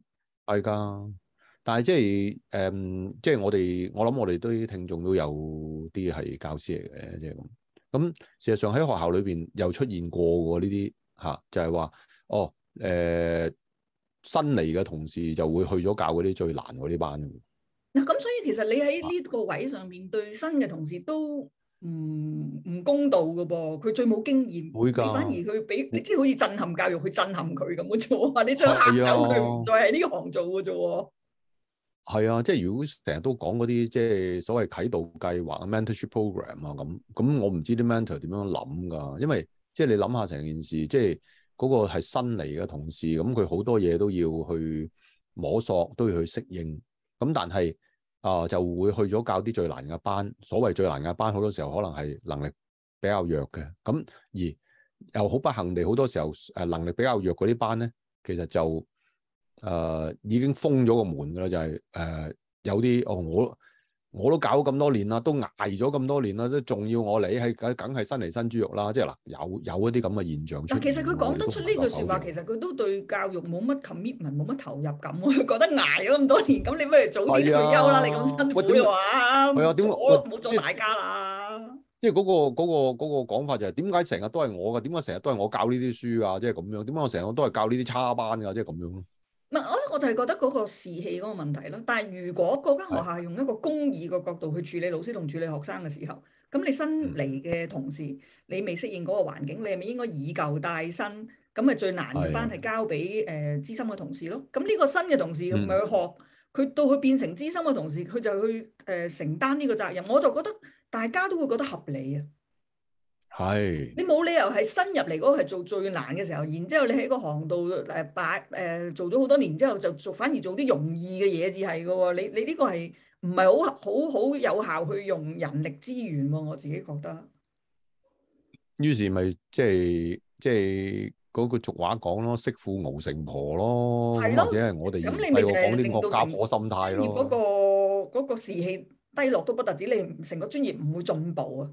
係噶。但係即係誒、嗯，即係我哋，我諗我哋都聽眾都有啲係教師嚟嘅，即係咁。咁事實上喺學校裏邊又出現過呢啲吓，就係、是、話哦，誒、呃、新嚟嘅同事就會去咗教嗰啲最難嗰啲班。嗱，咁所以其實你喺呢個位上面、啊、對新嘅同事都唔唔公道㗎噃，佢最冇經驗，會噶的。反而佢俾你即係好似震撼教育，去震撼佢咁嘅啫。你想吓走佢，唔再喺呢行做嘅啫。係啊，即係如果成日都講嗰啲即係所謂啟導計劃啊、mentorship programme 啊咁，咁我唔知啲 mentor 點樣諗㗎，因為即係你諗下成件事，即係嗰個係新嚟嘅同事，咁佢好多嘢都要去摸索，都要去適應。咁但係啊、呃，就會去咗教啲最難嘅班。所謂最難嘅班，好多時候可能係能力比較弱嘅。咁而又好不幸地，好多時候誒能力比較弱嗰啲班咧，其實就～誒、呃，已經封咗個門噶啦，就係誒，有啲哦，我我都搞咁多年啦，都挨咗咁多年啦，都仲要我嚟，係梗梗係新嚟新豬肉啦，即係嗱，有有一啲咁嘅現象出現。但其實佢講得出呢句說話，其實佢都對教育冇乜 commitment，冇乜投入感。我覺得挨咗咁多年，咁你不如早啲退休啦，啊、你咁辛苦嘅話，我冇做大家啦。即係嗰個嗰、嗰個、嗰個講法就係、是，點解成日都係我噶？點解成日都係我教呢啲書啊？即係咁樣？點解我成日都係教呢啲差班噶？即係咁樣咯？唔，我我就係覺得嗰個士氣嗰個問題咯。但係如果嗰間學校用一個公義個角度去處理老師同處理學生嘅時候，咁你新嚟嘅同事，嗯、你未適應嗰個環境，你係咪應該以舊帶新？咁咪最難嘅班係交俾誒、嗯呃、資深嘅同事咯。咁呢個新嘅同事咁咪去學，佢到佢變成資深嘅同事，佢就去誒、呃、承擔呢個責任。我就覺得大家都會覺得合理啊。係你冇理由係新入嚟嗰係做最難嘅時候，然之後你喺個行度，誒擺誒做咗好多年之後就做，反而做啲容易嘅嘢，至係噶喎。你你呢個係唔係好好好有效去用人力資源？我自己覺得，於是咪即係即係嗰個俗話講咯，媳婦熬成婆咯，或者係我哋而家唔使我講呢個家婆心態咯。嗰個嗰個士氣低落，都不特止你成個專業唔會進步啊。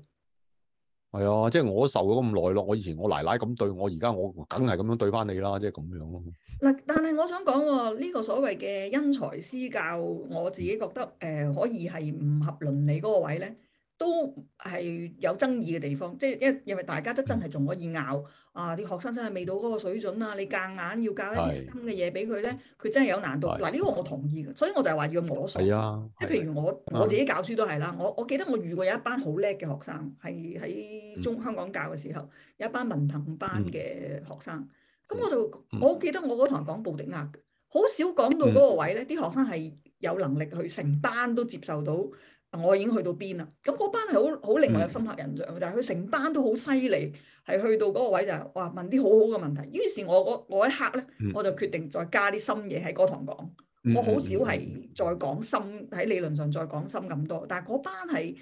係啊，即係我受咗咁耐咯，我以前我奶奶咁對我，而家我梗係咁樣對翻你啦，即係咁樣咯。嗱，但係我想講喎，呢個所謂嘅因材施教，我自己覺得誒，可以係唔合倫理嗰個位咧。都係有爭議嘅地方，即係因為大家都真係仲可以拗啊！啲學生真係未到嗰個水準啊！你夾硬要教一啲新嘅嘢俾佢咧，佢是真係有難度。嗱呢是、呢個我同意嘅，所以我就話要摸索。啊，即係、啊、譬如我我自己教書都係啦。我我記得我遇過有一班好叻嘅學生，係喺中，、嗯、中香港教嘅時候，有一班文憑班嘅學生。咁、嗯、我就我記得我嗰堂講布迪亞，好少講到嗰個位咧。啲、嗯嗯、學生係有能力去成班都接受到。我已經去到邊啦？咁嗰班係好好令我有深刻印象，就係佢成班都好犀利，係去到嗰個位就係、哇、話問啲好好嘅問題。於是我，我我一刻黑咧，嗯、我就決定再加啲深嘢喺嗰堂講。我好少係再講深喺理論上再講深咁多，但係嗰班係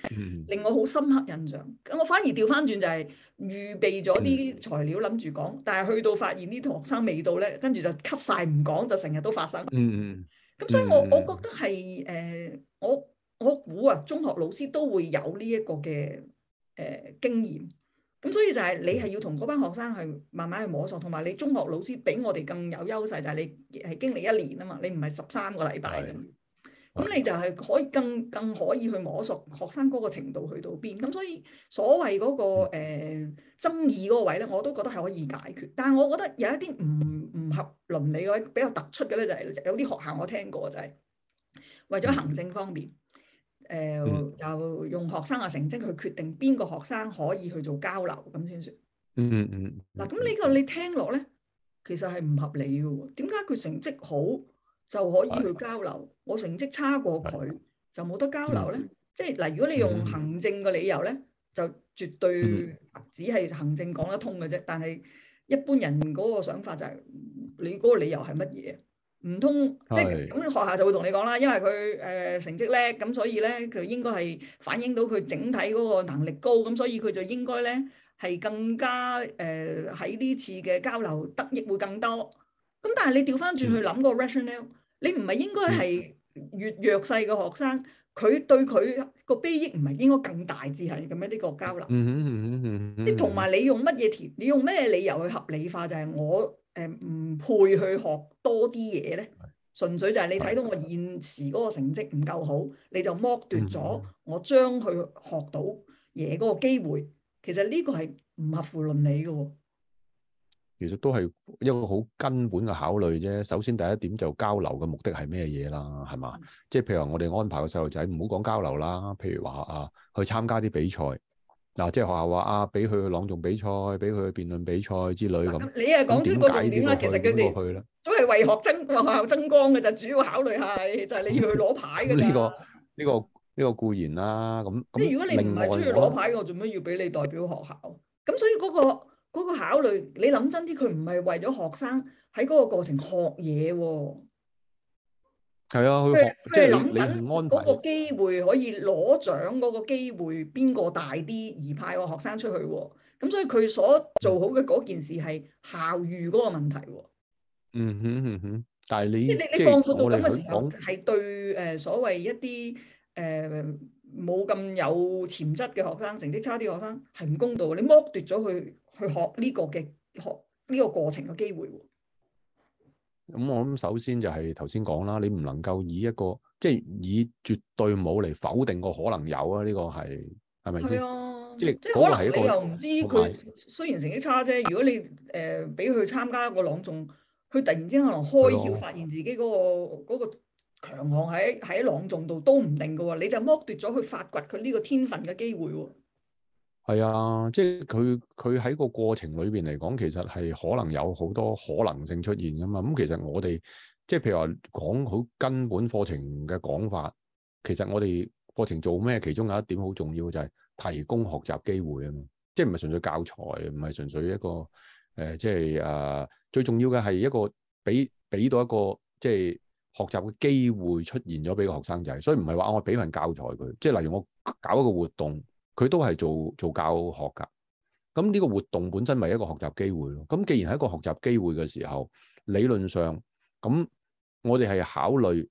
令我好深刻印象。咁我反而調翻轉就係預備咗啲材料諗住講，但係去到發現啲同學生未到咧，跟住就 cut 曬唔講，就成日都發生。咁、嗯嗯、所以我我覺得係誒、呃、我。我估啊，中學老師都會有呢一個嘅誒、呃、經驗，咁所以就係你係要同嗰班學生去慢慢去摸索，同埋你中學老師比我哋更有優勢，就係你係經歷一年啊嘛，你唔係十三個禮拜，咁是你就係可以更更可以去摸索學生嗰個程度去到邊？咁所以所謂嗰、那個誒、呃、爭議嗰位咧，我都覺得係可以解決，但係我覺得有一啲唔唔合倫理嗰位比較突出嘅咧，就係有啲學校我聽過就係、是、為咗行政方面。嗯誒、嗯、就用學生嘅成績去決定邊個學生可以去做交流咁先算。嗯嗯嗯。嗱咁呢個你聽落咧，其實係唔合理嘅。點解佢成績好就可以去交流，的我成績差過佢的就冇得交流咧？即係、嗯，嗱、嗯即係、如果你用行政嘅理由咧，就絕對只係行政講得通嘅啫。嗯嗯、但係一般人嗰個想法就係、是，你嗰個理由係乜嘢？唔通即係咁學校就會同你講啦，因為佢誒、呃、成績叻，咁所以咧佢應該係反映到佢整體嗰個能力高，咁所以佢就應該咧係更加誒喺呢次嘅交流得益會更多。咁但係你調翻轉去諗個 rationale，嗯、你唔係應該係越弱勢嘅學生，佢、嗯、對佢個裨益唔係應該更大致係咁樣？呢、這個交流，嗯同、嗯、埋、嗯嗯嗯嗯、你用乜嘢填？你用咩理由去合理化？就係、是、我。誒唔配去學多啲嘢咧，純粹就係你睇到我現時嗰個成績唔夠好，你就剝奪咗我將去學到嘢嗰個機會。其實呢個係唔合乎倫理嘅。其實都係一個好根本嘅考慮啫。首先第一點就交流嘅目的係咩嘢啦？係嘛？嗯、即係譬如我哋安排個細路仔唔好講交流啦，譬如話啊去參加啲比賽。嗱、啊，即係學校話啊，俾佢去朗誦比賽，俾佢去辯論比賽之類咁。啊你啊講出個重點啦，其實佢哋都係為學增學校增光嘅，就主要考慮係就係、係、你要去攞牌嘅。呢個呢個呢個固然啦，咁、嗯、咁。嗯嗯嗯嗯、如果你唔係中意攞牌，我做乜要俾你代表學校？咁所以嗰、嗰個、嗰個考慮，你諗真啲，佢唔係為咗學生喺嗰個過程學嘢、啊。係啊，佢即係諗緊嗰個機會可以攞獎嗰個機會，邊個大啲而派個學生出去喎、啊？咁所以佢所做好嘅嗰件事係校譽嗰個問題喎、啊。嗯哼嗯哼，但係你，你即係你放課到咁嘅時候係對誒、呃、所謂一啲誒冇咁有潛質嘅學生成績差啲學生係唔公道，你剝奪咗佢去，去學呢個嘅學呢個過程嘅機會喎、啊。咁、嗯、我諗首先就係頭先講啦，你唔能夠以一個即係以絕對冇嚟否定個可能有啊，呢個係係咪先？即係即係可能你又唔知佢有雖然成績差啫，如果你誒俾佢參加一個朗誦，佢突然之間可能開竅，的發現自己嗰個嗰個強項喺喺朗誦度都唔定噶喎，你就剝奪咗佢發掘佢呢個天分嘅機會喎。係啊，即係佢佢喺個過程裏邊嚟講，其實係可能有好多可能性出現㗎嘛。咁、嗯、其實我哋即係譬如話講好根本課程嘅講法，其實我哋課程做咩？其中有一點好重要就係提供學習機會啊嘛。即係唔係純粹教材，唔係純粹一個誒、呃，即係啊、呃，最重要嘅係一個俾俾到一個即係學習嘅機會出現咗俾個學生仔。所以唔係話我俾份教材佢，即係例如我搞一個活動。佢都係做做教學㗎，咁呢個活動本身咪一個學習機會咯。咁既然係一個學習機會嘅時候，理論上，咁我哋係考慮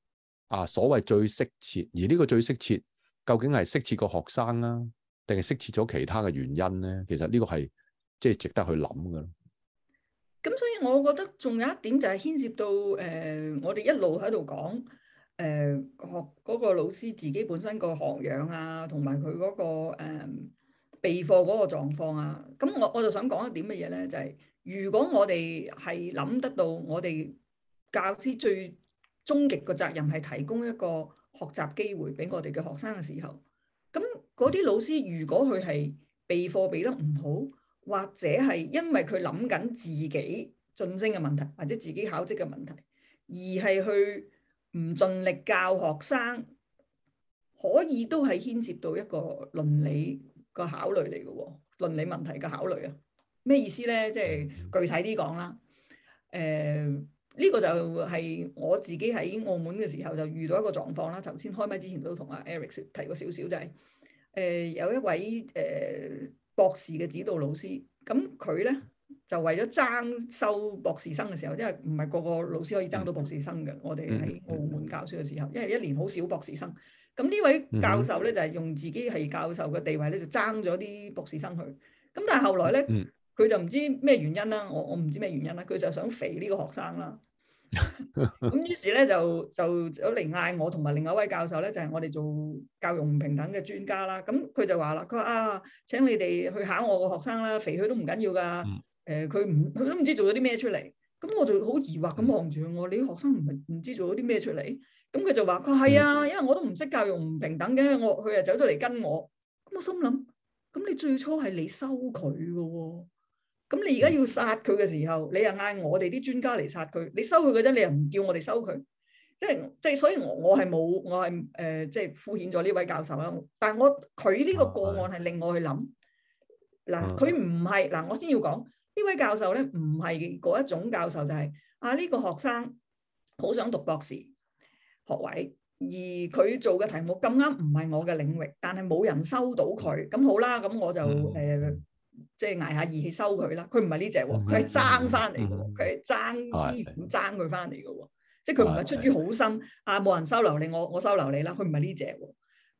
啊所謂最適切，而呢個最適切究竟係適切個學生啊，定係適切咗其他嘅原因咧，其實呢個係即係值得去諗㗎。咁所以我覺得仲有一點就係牽涉到誒、呃，我哋一路喺度講。誒、呃，學嗰個老師自己本身個學養啊，同埋佢嗰個誒、嗯、備課嗰個狀況啊，咁我我就想講一點乜嘢呢，就係、是、如果我哋係諗得到，我哋教師最終極嘅責任係提供一個學習機會俾我哋嘅學生嘅時候，咁嗰啲老師如果佢係備課備得唔好，或者係因為佢諗緊自己晉升嘅問題，或者自己考職嘅問題，而係去。唔盡力教學生，可以都係牽涉到一個倫理嘅考慮嚟嘅喎，倫理問題嘅考慮啊？咩意思咧？即係具體啲講啦。誒，呢個就係我自己喺澳門嘅時候就遇到一個狀況啦。頭先開咪之前都同阿 Eric 提過少少，就係誒有一位誒博士嘅指導老師，咁佢咧，就為咗爭收博士生嘅時候，因為唔係個個老師可以爭到博士生嘅。嗯、我哋喺澳門教書嘅時候，因為一年好少博士生。咁呢位教授咧、嗯、就係用自己係教授嘅地位咧，就爭咗啲博士生去。咁但係後來咧，佢、嗯、就唔知咩原因啦。我我唔知咩原因啦。佢就想肥呢個學生啦。咁 於 是咧就就嚟嗌我同埋另外一位教授咧，就係、是、我哋做教育唔平等嘅專家啦。咁佢就話啦，佢話啊，請你哋去考我個學生啦，肥佢都唔緊要㗎。 誒，佢唔、呃，佢都唔知做咗啲咩出嚟，咁我就好疑惑咁望住我，你啲學生唔係唔知做咗啲咩出嚟？咁佢就話：佢係啊，因為我都唔識教育唔平等嘅，我佢啊走咗嚟跟我。咁我心諗，咁你最初係你收佢嘅喎，咁你而家要殺佢嘅時候，你又嗌我哋啲專家嚟殺佢？你收佢嗰陣，你又唔叫我哋收佢？即係即係，所以我我係冇，我係誒、呃，即係敷衍咗呢位教授啦。但係我佢呢個個案係令我去諗，嗱，佢唔係嗱，我先要講。呢位教授咧唔係嗰一種教授，就係啊呢個學生好想讀博士學位，而佢做嘅題目咁啱唔係我嘅領域，但係冇人收到佢咁好啦。咁我就誒即係捱下義氣收佢啦。佢唔係呢隻喎，佢係爭翻嚟嘅，佢係爭資本爭佢翻嚟嘅喎，即係佢唔係出於好心、嗯、啊，冇人收留你，我我收留你啦。佢唔係呢隻喎。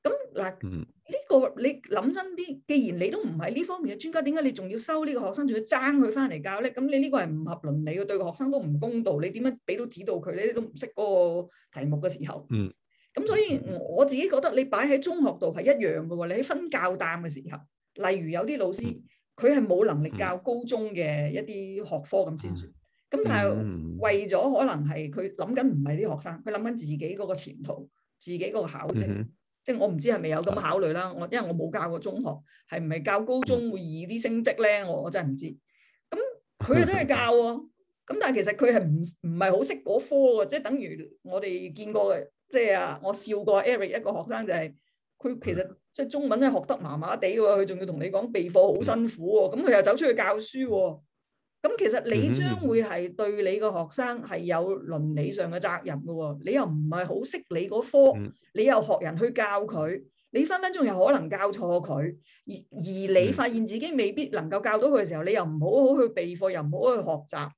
咁嗱，呢、嗯、個你諗真啲，既然你都唔係呢方面嘅專家，點解你仲要收呢個學生，仲要爭佢翻嚟教咧？咁你呢個係唔合倫理，對個學生都唔公道。你點樣俾到指導佢咧？你都唔識嗰個題目嘅時候，咁、嗯嗯嗯、所以我自己覺得你擺喺中學度係一樣嘅喎。你喺分教擔嘅時候，例如有啲老師佢係冇能力教高中嘅一啲學科咁先算。咁、嗯嗯、但係為咗可能係佢諗緊唔係啲學生，佢諗緊自己嗰個前途，自己嗰個考證。嗯即係我唔知係咪有咁考慮啦，我因為我冇教過中學，係唔係教高中會易啲升職咧？我我真係唔知。咁佢又真係教喎，咁但係其實佢係唔唔係好識嗰科嘅，即係等於我哋見過嘅，即係啊我笑過 Eric 一個學生就係，佢其實即係中文咧學得麻麻地喎，佢仲要同你講備課好辛苦喎，咁佢又走出去教書喎。咁其實你將會係對你個學生係有倫理上嘅責任嘅喎、哦，你又唔係好識你嗰科，嗯、你又學人去教佢，你分分鐘又可能教錯佢，而而你發現自己未必能夠教到佢嘅時候，你又唔好好去備課，又唔好好去學習，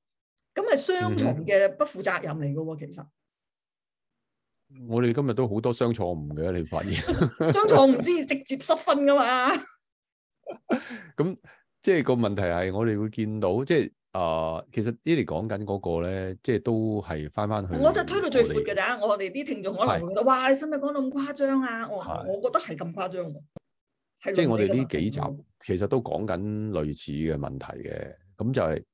咁係雙重嘅不負責任嚟嘅喎，其實。我哋今日都好多雙錯誤嘅，你發現？雙錯誤唔知直接失分噶嘛？咁、 嗯。即係個問題係，我哋會見到，即係啊、呃，其實 Eli 講緊嗰個咧，即係都係翻翻去我。我就推到最闊㗎咋，我哋啲聽眾可能覺得：是「哇，你使咪使講到咁誇張啊？我是我覺得係咁誇張嘅。即係我哋呢幾集其實都講緊類似嘅問題嘅，咁就係、是、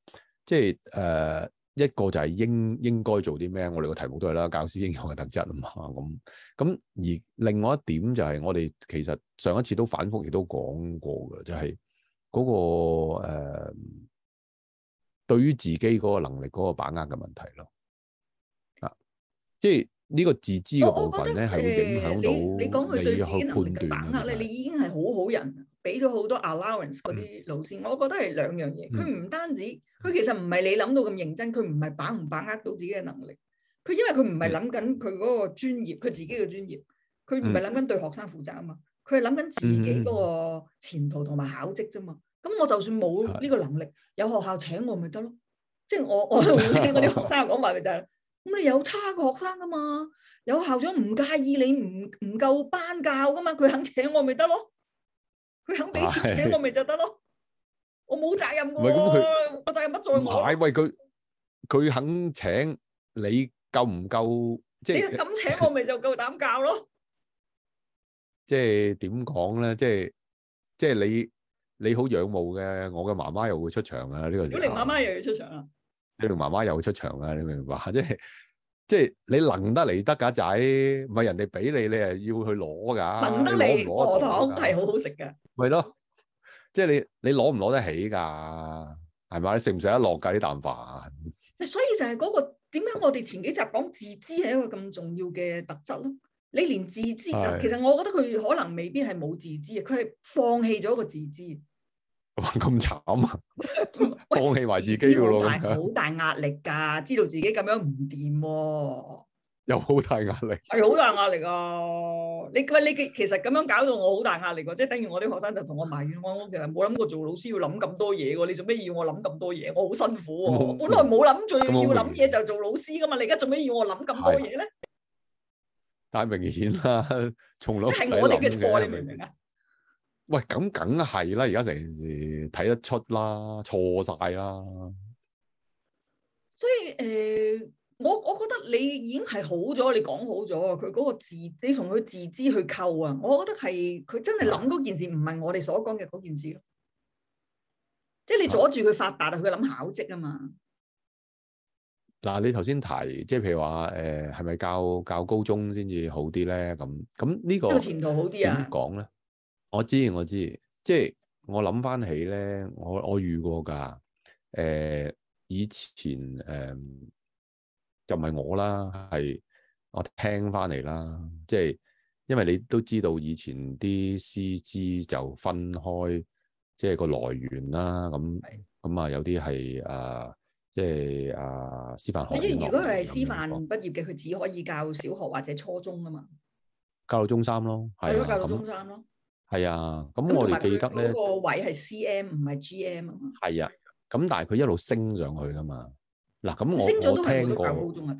即係誒、呃、一個就係應應該做啲咩？我哋個題目都係啦，教師應有嘅特質啊嘛。咁咁而另外一點就係我哋其實上一次都反覆亦都講過嘅，就係、是。嗰、那個誒、呃、對於自己嗰個能力嗰個把握嘅問題咯，啊，即係呢個自知嘅部分咧，係、呃、會影響到你講佢對自己能力嘅把握咧，你已經係好好人，俾咗好多 allowance 嗰啲路線，我覺得係兩樣嘢，佢唔、嗯、單止，佢其實唔係你諗到咁認真，佢唔係把唔把握到自己嘅能力，佢因為佢唔係諗緊佢嗰個專業，佢自己嘅專業，佢唔係諗緊對學生負責啊嘛。佢諗緊自己嗰個前途同埋考績啫嘛，咁我就算冇呢個能力，有學校請我咪得咯。即係我我都唔聽嗰啲學生講話嘅就係，咁你有差學生噶嘛？有校長唔介意你唔唔夠班教噶嘛？佢肯請我咪得咯，佢肯俾錢請我咪就得咯。我冇責任嘅喎，我責任不在我？唔係喂佢，佢肯請你夠唔夠？即係咁請我咪就夠膽教咯。即係點講咧？即係即係你你好仰慕嘅，我嘅媽媽又會出場啊！呢、這個時候，如果你媽媽又要出場啊？你同媽媽又會出場啊！你明唔明白？即係即係你能得嚟得噶仔，唔係人哋俾你，你係要去攞噶。能得你拿拿得我荷塘好好食嘅，咪咯？即係你你攞唔攞得起噶？係咪？你食唔食得落噶啲啖飯？飯，所以就係嗰、那個點解我哋前幾集講自知係一個咁重要嘅特質咯。你連自知啊，是的 其實我覺得佢可能未必係冇自知啊，佢係放棄咗個自知。咁慘啊！慘 放棄埋自己㗎咯，好 大壓力㗎！知道自己咁樣唔掂、啊，有好大壓力，係好大壓力啊！你喂，你其實咁樣搞到我好大壓力㗎、啊，即係等於我啲學生就同我埋怨我，我其實冇諗過做老師要諗咁多嘢喎、啊，你做咩要我諗咁多嘢？我好辛苦喎、啊他，本來冇諗住要諗嘢就做老師㗎嘛、啊，你而家做咩要我諗咁多嘢咧？他太明顯啦，從來唔使諗嘅，係我哋嘅錯。係咪？你明唔明？唔喂，咁梗係啦，而家成件事睇得出啦，錯晒啦。所以誒、呃，我我覺得你已經係好咗，你講好咗，佢嗰個自，你同佢自知去扣啊，我覺得係佢真係諗嗰件事唔係我哋所講嘅嗰件事。即係的你阻住佢發達，佢諗的考績啊嘛。嗱，你頭先提，即係譬如話，誒係咪教教高中先至好啲咧？咁咁、呢個前途好啲啊、點講咧？我知我知，即係我諗翻起咧，我我遇過㗎，誒、呃、以前誒、呃、就唔係我啦，係我聽翻嚟啦，即係因為你都知道以前啲師資就分開，即係個來源啦，咁咁啊有啲係啊。呃即係、就是、啊，師範學校。 如果佢係師範畢業嘅，佢只可以教小學或者初中啊嘛。教到中三咯，係咯、啊，教到中三咯。係啊，咁我哋記得咧個位係 C M 唔係 G M 啊嘛。係啊，咁但係佢一路升上去噶嘛。嗱、啊，咁我我聽過高中啊。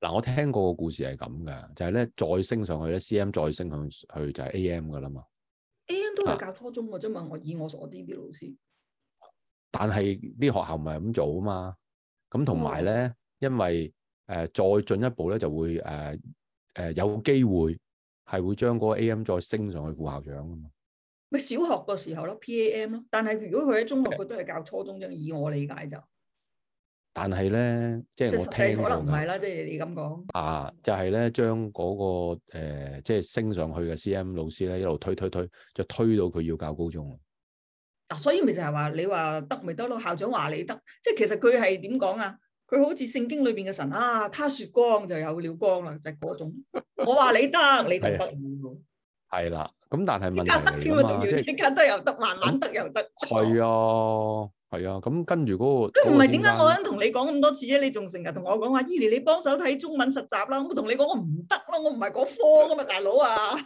嗱、啊，我聽過個故事係咁噶，就係、是、咧再升上去咧，C M 再升上去就係 A M 噶啦嘛。A M 都係教初中噶啫嘛，我、啊、以我我啲啲老師。但係啲學校唔係咁做啊嘛，咁同埋咧，因為誒再進一步咧就會誒誒有機會係會將嗰個 A.M. 再升上去副校長啊嘛。咪小學個時候咯，P.A.M. 咯，但係如果佢喺中學，佢都係教初中啫。以我理解就，但係咧，即係我聽過嘅，即係可能唔係啦，即係你咁講。啊，就係咧，將嗰個誒即係升上去嘅 C.M. 老師咧，一路推推推，就推到佢要教高中。嗱，所以咪就係話你話得咪得咯，校長話你得，即係其實佢係點講啊？佢好似聖經裏邊嘅神啊，他說光就有了光啦，就係、是、嗰種。我話你得，你就得。係啦， 咁但係問題係，要即刻得又得，慢慢得又得。係、嗯、啊，係啊，咁跟住嗰、那個。佢唔係點解我同你講咁多次咧？你仲成日同我講話，伊研你幫手睇中文實習啦，我同你講我唔得咯，我唔係嗰科噶嘛，大佬啊。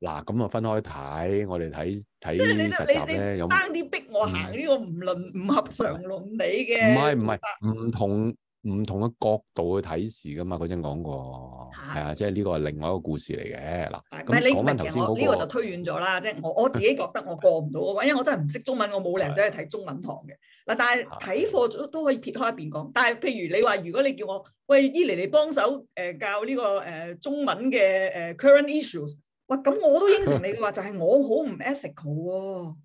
嗱，咁啊，分開睇，我哋睇睇實習咧，有啱啲逼我行呢個唔論唔合常理嘅。唔係唔係，唔同唔同嘅角度去睇事噶嘛。嗰陣講過，係啊，即係呢個係另外一個故事嚟嘅嗱。咁講翻頭先嗰個，呢個就推遠咗啦。即係我我自己覺得我過唔到，因為我真係唔識中文，我冇靚仔去睇中文堂嘅嗱。但係睇課都都可以撇開一邊講。但係譬如你話，如果你叫我喂，依妮你幫手誒教呢個誒中文嘅誒 current issues。喂，咁我都應承你嘅話，就係、是、我好唔 ethical 喎。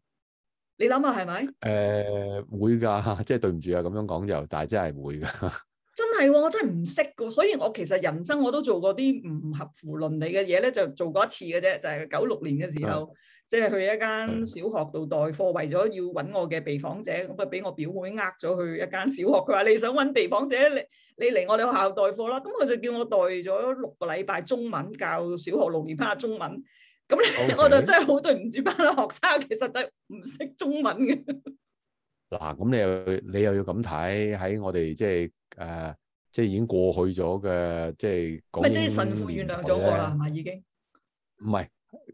你諗下係咪？誒、呃，會㗎，即係對唔住啊，咁樣講就，但係真係會㗎。 真係、哦，我真係唔識嘅，所以我其實人生我都做過啲唔合乎倫理嘅嘢咧，就做過一次嘅啫，就係九六年嘅時候。嗯即係去一間小學度代課，為咗要揾我嘅被訪者，咁啊俾我表妹呃咗去一間小學。佢話你想揾被訪者，你你嚟我哋學校代課啦。咁佢就叫我代咗六個禮拜中文教小學六年班中文。咁咧我就真係好對唔住班學生，其實真係唔識中文嘅。嗱，咁你又你又要咁睇喺我哋即係誒，即係已經過去咗嘅，即係講即係神父原諒咗我啦，係咪已經？唔係。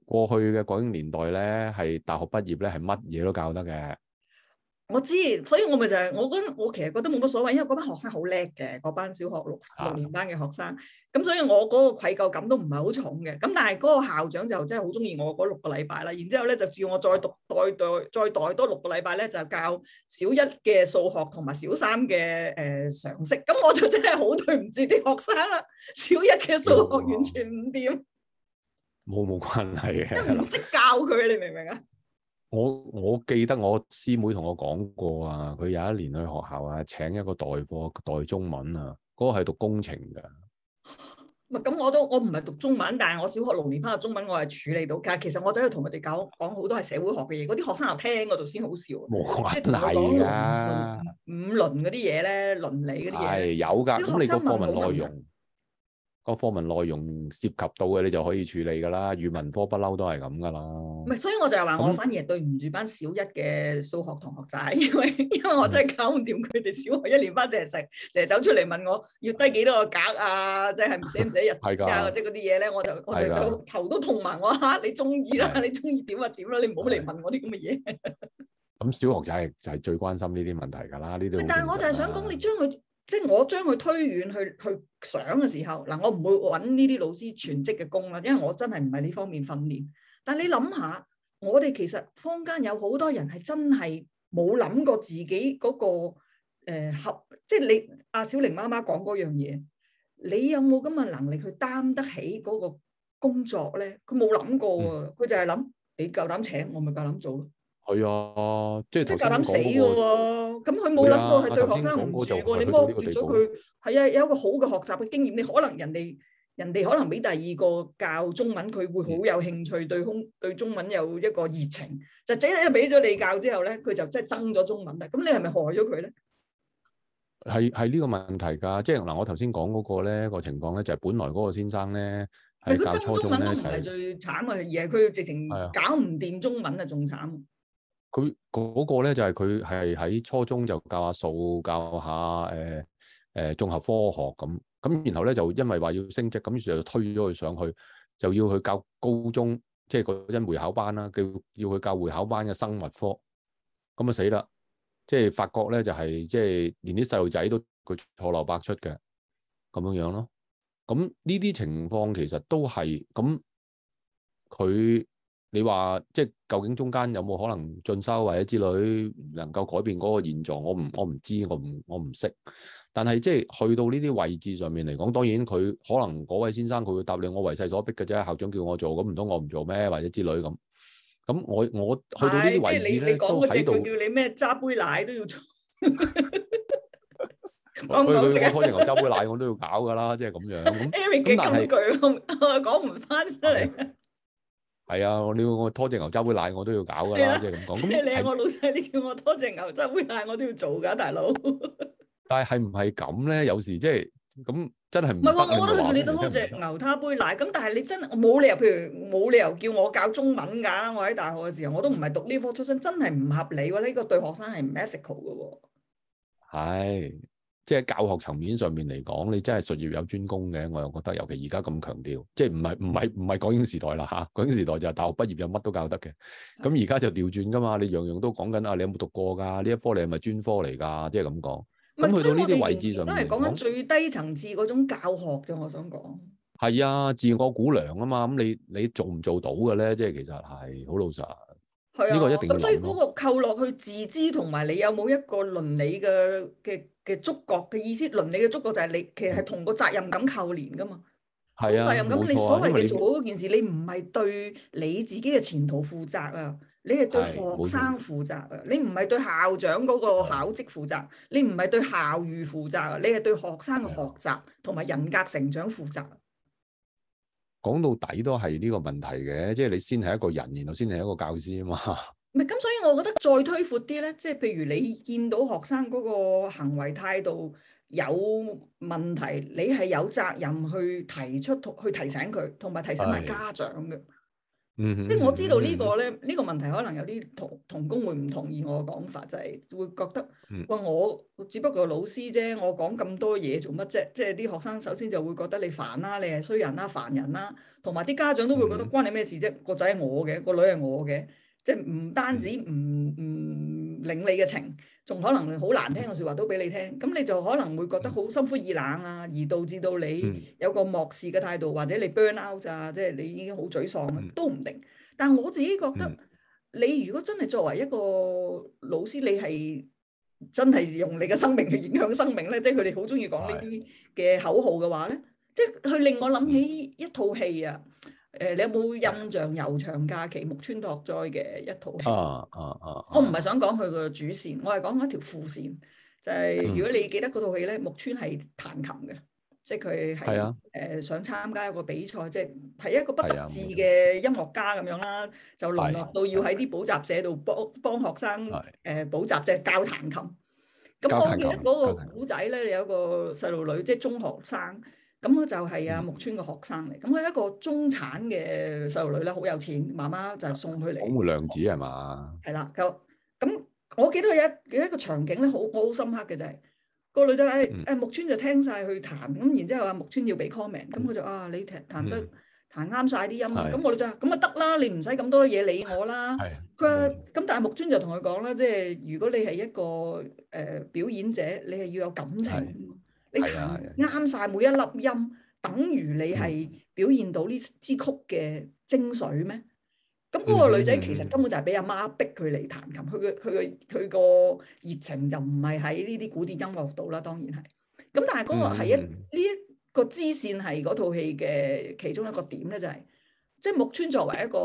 過去嘅嗰種年代咧，係大學畢業咧，係乜嘢都教得嘅。我知，所以我咪就係、是，我覺得我其實覺得冇乜所謂，因為嗰班學生好叻嘅，嗰班小學六六年班嘅學生。咁、啊、所以我嗰個愧疚感都唔係好重嘅。咁但係嗰個校長就真係好中意我嗰六個禮拜啦。然之後咧就叫我再讀，再代再代多六個禮拜咧，就教小一嘅數學同埋小三嘅誒、呃、常識。咁我就真係好對唔住啲學生啦。小一嘅數學完全唔掂。啊冇冇關係嘅，即唔識教佢，你明唔明啊？我我記得我師妹同我講過啊，佢有一年去學校啊請一個代課代中文啊，嗰、嗰個係讀工程㗎。咁我都我唔係讀中文，但係我小學六年班嘅中文我係處理到㗎。其實我走去同佢哋講講好多係社會學嘅嘢，嗰啲學生又聽嗰度先好笑。冇關係㗎。的五輪嗰啲嘢咧，倫理啲嘢係有㗎。咁你個課文內容？個科文內容涉及到嘅，你就可以處理噶啦。語文科不嬲都係咁噶啦。唔係，所以我就係話，我反而對唔住班小一嘅數學同學仔，因為因為我真係搞唔掂佢哋小學一年班淨係成淨係走出嚟問我，要低幾多個格啊？即係唔寫唔寫日字啊？或者嗰啲嘢咧，我就我就頭都痛埋我吓。你中意啦，你中意點就點啦，你唔好嚟問我啲咁嘅嘢。咁小學仔就係最關心呢啲問題噶啦。呢啲但係我就係想講，你將佢。即係我將佢推遠去去想嘅時候，嗱我唔會搵呢啲老師全職嘅工啦，因為我真係唔係呢方面訓練。但係你諗下，我哋其實坊間有好多人係真係冇諗過自己嗰、那個、呃、合，即係你阿、啊、小玲媽媽講嗰樣嘢，你有冇咁嘅能力去擔得起嗰個工作咧？佢冇諗過喎，佢、嗯、就係諗你夠膽請，我咪夠膽做咯。係啊，即係即係夾硬死嘅喎，咁佢冇諗過係對學生唔住喎，你剝奪咗佢係啊，有一個好嘅學習嘅經驗。你可能人哋人哋可能俾第二個教中文，佢會好有興趣，對空對中文有一個熱情。就即係俾咗你教之後咧，佢就真係憎咗中文啦。咁你係咪害咗佢咧？係係呢個問題㗎，即係嗱我頭先講嗰個咧個情況咧，就係本來嗰個先生咧係教初中咧，佢憎中文都唔係最慘啊，而係佢直情搞唔掂中文啊，仲慘。佢嗰、那個咧就係佢係喺初中就教下數，教下誒、誒綜合科學，咁、咁然後咧就，因為話要升職，咁於是就推咗佢上去就要去教高中即係嗰陣會考班啦，叫要去教會考班嘅生物科，咁咪死啦！即係發覺咧就係即係連啲細路仔都佢錯漏百出嘅咁樣樣咯。咁呢啲情況其實都係咁佢。你話即係究竟中間有冇可能進修或者之類，能夠改變嗰個現狀？我唔我唔知，我唔我唔識。但係即係去到呢啲位置上面嚟講，當然佢可能嗰位先生佢會答你：我為勢所逼嘅啫，校長叫我做，咁唔通我唔做咩？或者之類咁。咁我我去到呢啲位置咧，都喺度。你講嗰隻叫你咩揸杯奶都要做。佢 講我，我拖曳牛揸杯奶，我都要搞噶啦，即係咁樣。咁 Eric 但係，金句我講唔翻出嚟。 係啊，我你要我拖隻牛揸杯奶，我都要搞噶啦，即係咁講。你我老細，你叫我拖隻牛揸杯奶，我都要做噶，大佬。但係係唔係咁咧，有時即係咁真係唔係我我都諗住你都拖隻牛揸杯奶，咁但係你真係冇理由，譬如冇理由叫我教中文噶，我喺大學嘅時候，我都唔係讀呢科出身，真係唔合理喎。呢個對學生係唔 ethical 嘅喎。係。即係教學層面上面嚟講，你真係術業有專攻嘅，我又覺得尤其而家咁強調，即係唔係唔係唔係港英時代啦嚇，港英時代就係大學畢業有乜都教得嘅，咁而家就調轉㗎嘛，你樣樣都講緊啊，你有冇讀過㗎？呢一科你係咪專科嚟㗎？即係咁講，咁去是到呢啲位置上，都係講緊最低層次嗰種教學啫。我想講係啊，自我估量啊嘛，咁你你做唔做到嘅咧？即係其實係好老實，啊，呢個一定所以嗰個扣落去自知同埋你有冇一個倫理嘅嘅。嘅觸覺嘅意思，倫理嘅觸覺就係你，其實係同個責任感扣連噶嘛。係啊，冇錯。個責任感，你所謂嘅做好嗰件事，你唔係對你自己嘅前途負責啊，你係對學生負責啊，你唔係對校長嗰個考績負責，你唔係對校譽負責啊，你係對學生嘅學習同埋人格成長負責。講到底都係呢個問題嘅，即係你先係一個人，然後先係一個教師啊嘛。咁，所以我覺得再推闊啲咧，即係譬如你見到學生嗰個行為態度有問題，你係有責任去提出同去提醒佢，同埋提醒埋家長嘅。嗯， 即我知道個呢個咧，呢、這個問題可能有啲同同工會唔同意我嘅講法，就係、是、會覺得，喂！ 我只不過老師啫，我講咁多嘢做乜啫？即係啲學生首先就會覺得你煩啦、啊，你係衰人啦、啊，煩人啦、啊。同埋啲家長都會覺得 關你咩事啫、啊？個仔係我嘅，個女係我嘅。即係唔單止唔唔領你嘅情，仲可能好難聽嘅説話都俾你聽，咁你就可能會覺得好心灰意冷啊，而導致到你有個漠視嘅態度，或者你 burn out 咋、啊，即係你已經好沮喪啊，都唔定。但係我自己覺得，你如果真係作為一個老師，你係真係用你嘅生命去影響生命咧，即係佢哋好中意講呢啲嘅口號嘅話咧，即係佢令我諗起一套戲啊。誒，你有冇印象《悠長假期》木村拓哉嘅一套戲、啊？啊啊啊！我唔係想講佢個主線，我係講嗰條副線。就係、是、如果你記得嗰套戲咧，嗯、木村係彈琴嘅，即係佢係誒想參加一個比賽，即係係一個不得志嘅音樂家咁樣啦，啊、就淪落到要喺啲補習社度幫幫學生誒補習，即係教彈琴。咁我記得嗰個古仔咧，有個細路女，即係中學生。咁我就係阿木村嘅學生嚟，咁佢係一個中產嘅細路女咧，好有錢，媽媽就送佢嚟。寶貝良子係嘛？係啦，咁咁我記得佢有一有一個場景咧，好我好深刻嘅就係個女仔誒誒木村就聽晒佢彈，咁然之後話木村要俾 comment，咁佢就啊，你彈得彈啱晒啲音，咁我就話咁啊得啦，你唔使咁多嘢理我啦。佢咁但係木村就同佢講啦：「即係如果你係一個誒表演者，你係要有感情。」你彈啱晒每一粒音，等於你係表現到呢支曲嘅精髓咩？咁嗰個女仔其實根本就係俾阿媽逼佢嚟彈琴，佢嘅佢嘅佢個熱情就唔係喺呢啲古典音樂度啦，當然係。咁但係嗰個係一呢一、嗯、個支線係嗰套戲嘅其中一個點咧，就係，就係即係木村作為一個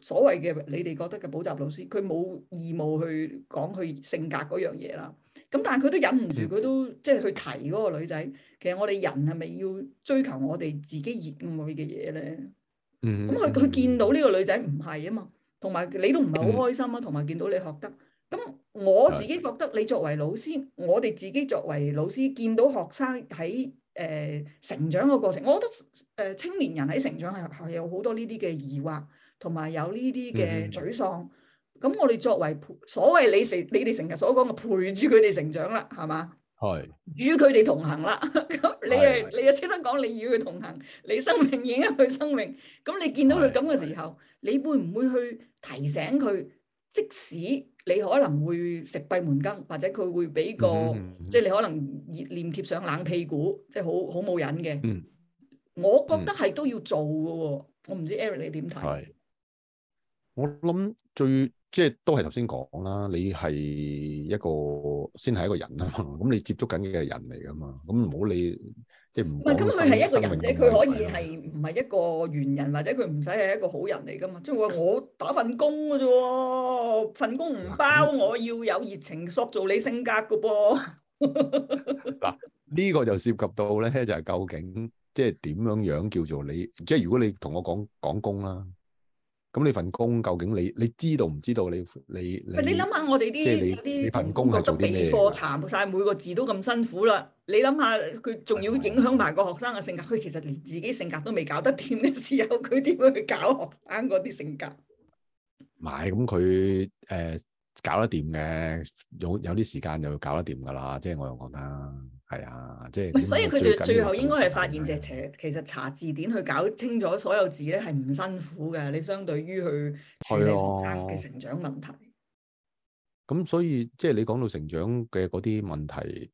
所謂嘅你哋覺得嘅補習老師，佢冇義務去講佢性格嗰樣嘢啦。咁但係佢都忍唔住，佢、嗯、都即係、就是、去提嗰個女仔。其實我哋人係咪要追求我哋自己熱愛嘅嘢咧？咁佢佢見到呢個女仔唔係啊嘛，同埋你都唔係好開心啊。同埋、嗯、見到你學得，咁我自己覺得你作為老師，的我哋自己作為老師，見到學生喺誒、呃、成長嘅過程，我覺得誒、呃、青年人喺成長係學校有好多呢啲嘅疑惑，同埋有呢啲嘅沮喪。嗯嗯咁我哋作為所謂你成你哋成日所講嘅陪住佢哋成長啦，係嘛？係是與佢哋同行啦。咁 你係是是你又先得講你與佢同行，你生命影響佢生命。咁你見到佢咁嘅時候，是你會唔會去提醒佢？即使你可能會食閉門羹，或者佢會俾個即係、嗯嗯嗯、你可能熱臉貼上冷屁股，即係好好冇癮嘅。嗯、我覺得係都要做嘅喎。我唔知 Eric 你點睇？我諗最。即係都係頭先講啦，你係一個先係一個人啊嘛，咁你接觸緊嘅人嚟噶嘛，咁唔好理即係唔。唔係咁，佢係一個人啫，佢可以係唔係一個完人，或者佢唔使係一個好人嚟噶嘛？即係我打份工嘅啫喎，份工唔包，我要有熱情塑造你性格嘅噃。嗱，呢個就涉及到咧，就係究竟即係點樣樣叫做你？即係如果你同我講講工啦。咁你份工究竟你你知道唔知道你你你？你諗下我哋啲啲，份工係做啲咩？課殘晒，每個字都咁辛苦啦！你諗下佢仲要影響埋個學生嘅性格，佢其實連自己性格都未搞得掂嘅時候，佢點去搞學生嗰啲性格？唔係咁佢誒，搞得掂嘅，有有啲時間就要搞得掂噶啦，即係我又講啦。係啊，即係，所以佢哋最，最後應該係發現，就其、啊、其實查字典去搞清楚所有字咧，係唔辛苦嘅。你相對於去處理學生嘅成長問題，咁、啊、所以即係你講到成長嘅嗰啲問題，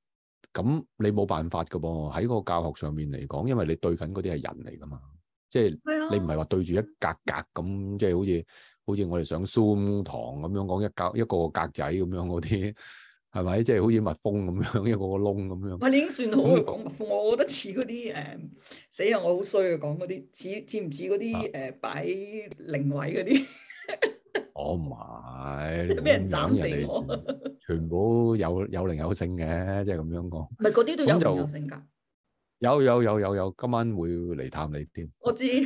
咁你冇辦法噶噃。喺嗰個教學上面嚟講，因為你對緊嗰啲係人嚟噶嘛，即係、啊、你唔係話對住一格格咁，即係好似好似我哋上 Zoom 堂咁樣講一格一個格仔咁樣嗰啲。係咪即係好似蜜蜂咁樣一個個窿咁樣？唔係已經算好啦。講蜜蜂，我覺得似嗰啲誒，死人我好衰啊，講嗰啲似似唔似嗰啲誒擺靈位嗰啲？我唔係俾人斬死我，全部有有靈有性嘅，即係咁樣講。唔係嗰啲都有靈有性格。有有有有有，今晚會嚟探你添。我知有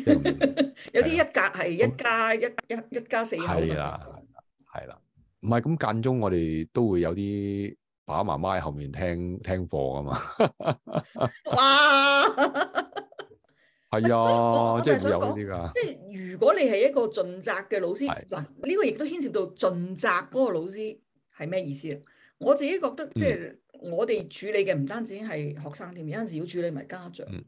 啲一格係一加一一一家四口。係啦，係啦。唔係咁間中，我哋都會有啲爸爸媽媽喺後面聽聽課噶嘛。 哇！係 啊，即係有啲噶。即係如果你係一個盡責嘅老師，嗱是，呢、啊這個亦都牽涉到盡責嗰個老師係咩意思啊？我自己覺得，即係、嗯、我哋處理嘅唔單止係學生，添、嗯、有陣時要處理埋家長。嗯、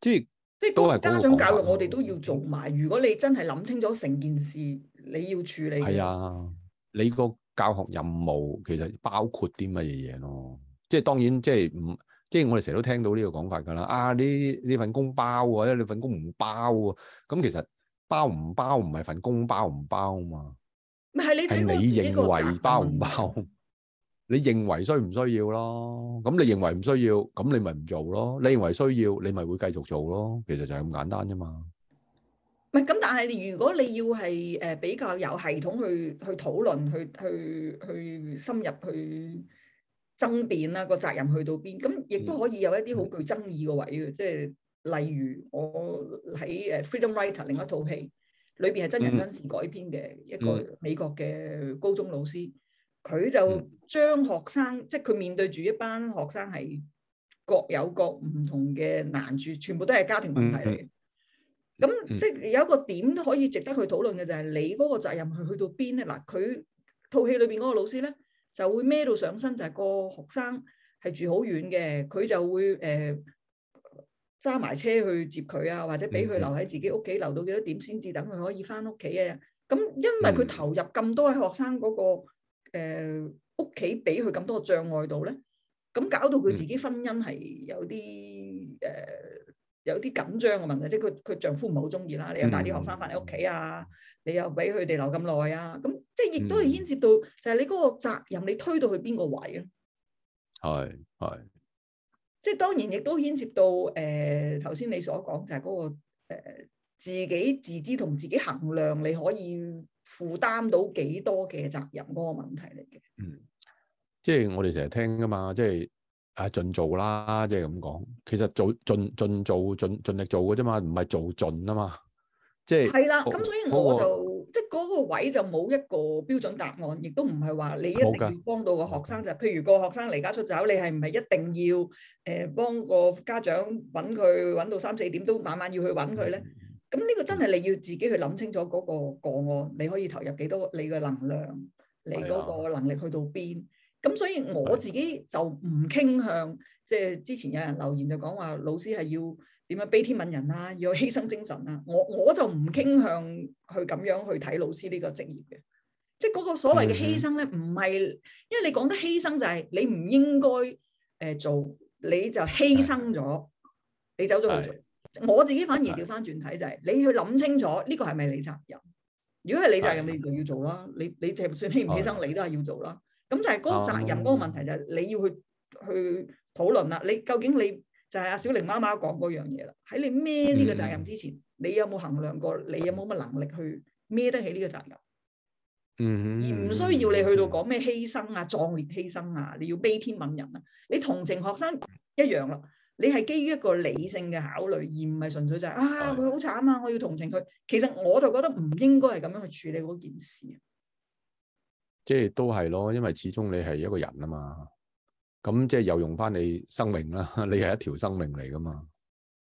即係即係家長教育，我哋都要做埋。嗯、如果你真係諗清楚成件事。你要處理係啊，你個教學任務其實包括啲乜嘢嘢咯？即係當然，即係唔即係我哋成日都聽到呢個講法㗎啦。啊，呢呢份工包啊，或者你份工唔包啊？咁、嗯、其實包唔包唔係份工包唔包啊嘛？唔係，你睇你認為包唔包？你認為需唔需要咯？咁你認為唔需要，咁你咪唔做咯？你認為需要，你咪會繼續做咯？其實就係咁簡單啫嘛～唔係咁，但係如果你要係誒比較有系統去去討論、去去去深入去爭辯啦，個責任去到邊，咁亦都可以有一啲好具爭議個位嘅。即係例如我喺誒《Freedom Writer》另一套戲裏邊係真人真事改編嘅一個美國嘅高中老師，佢就將學生，即係佢面對住一班學生係各有各唔同嘅難處，全部都係家庭問題嚟嘅。咁即係有一個點都可以值得去討論嘅就係你嗰個責任係去到邊咧？嗱，佢套戲裏邊嗰個老師咧，就會孭到上身，就係個學生係住好遠嘅，佢就會誒揸埋車去接佢啊，或者俾佢留喺自己屋企留到幾多點先至等佢可以翻屋企嘅。咁因為佢投入咁多嘅學生嗰個誒屋企俾佢咁多障礙度咧，咁搞到佢自己婚姻係有啲誒。呃有啲緊張嘅問題，即係佢佢丈夫唔係好中意啦。你又帶啲學生翻嚟屋企啊，你又俾佢哋留咁耐啊，咁、嗯嗯、即係亦都係牽涉到，就係你嗰個責任，你推到去邊個位啊？係係，即係當然亦都牽涉到誒頭先你所講就、嗰個，就係嗰個自己自知同自己衡量，你可以負擔到幾多嘅責任嗰、嗰個問題嚟嘅。嗯，即係我哋成日聽㗎嘛，即係。啊，盡做啦，即係咁講。其實做盡盡做盡盡，盡力做嘅啫嘛，唔係做盡啊嘛。即係係啦，咁所以我就、哦、即係嗰個位就冇一個標準答案，亦都唔係話你一定要幫到個學生就。譬如個學生離家出走，你係唔係一定要誒、呃、幫個家長揾佢揾到三四點都晚晚要去揾佢咧？咁呢的個真係你要自己去諗清楚嗰個個案，你可以投入幾多你嘅能量，你嗰個能力去到邊？咁所以我自己就唔傾向，即、就、係、是、之前有人留言就講話老師係要點樣悲天憫人啊，要犧牲精神啊，我我就唔傾向去咁樣去睇老師呢個職業嘅。即係嗰個所謂嘅犧牲咧，唔係因為你講得犧牲就係你唔應該誒、呃、做，你就犧牲咗，的你走咗去做，的我自己反而調翻轉睇就係、是，的你去諗清楚呢、這個係咪你責任？如果係你責任，你就要做啦。的你你就算犧唔犧牲，你都係要做啦。咁就係嗰個責任嗰個問題，就係你要去、哦、去討論啦、啊。你究竟你就係、是、阿小玲媽媽講嗰樣嘢啦。喺你孭呢個責任之前，嗯、你有冇衡量過？你有冇乜能力去孭得起呢個責任？嗯。嗯而唔需要你去到講咩犧牲啊、壯烈犧牲啊，你要悲天憫人啊，你同情學生一樣咯。你係基於一個理性嘅考慮，而唔係純粹就係、是、啊佢好慘啊，我要同情佢。其實我就覺得唔應該係咁樣去處理嗰件事。即係都係咯，因為始終你係一個人啊嘛，咁即係又用翻你生命啦，你係一條生命嚟噶嘛，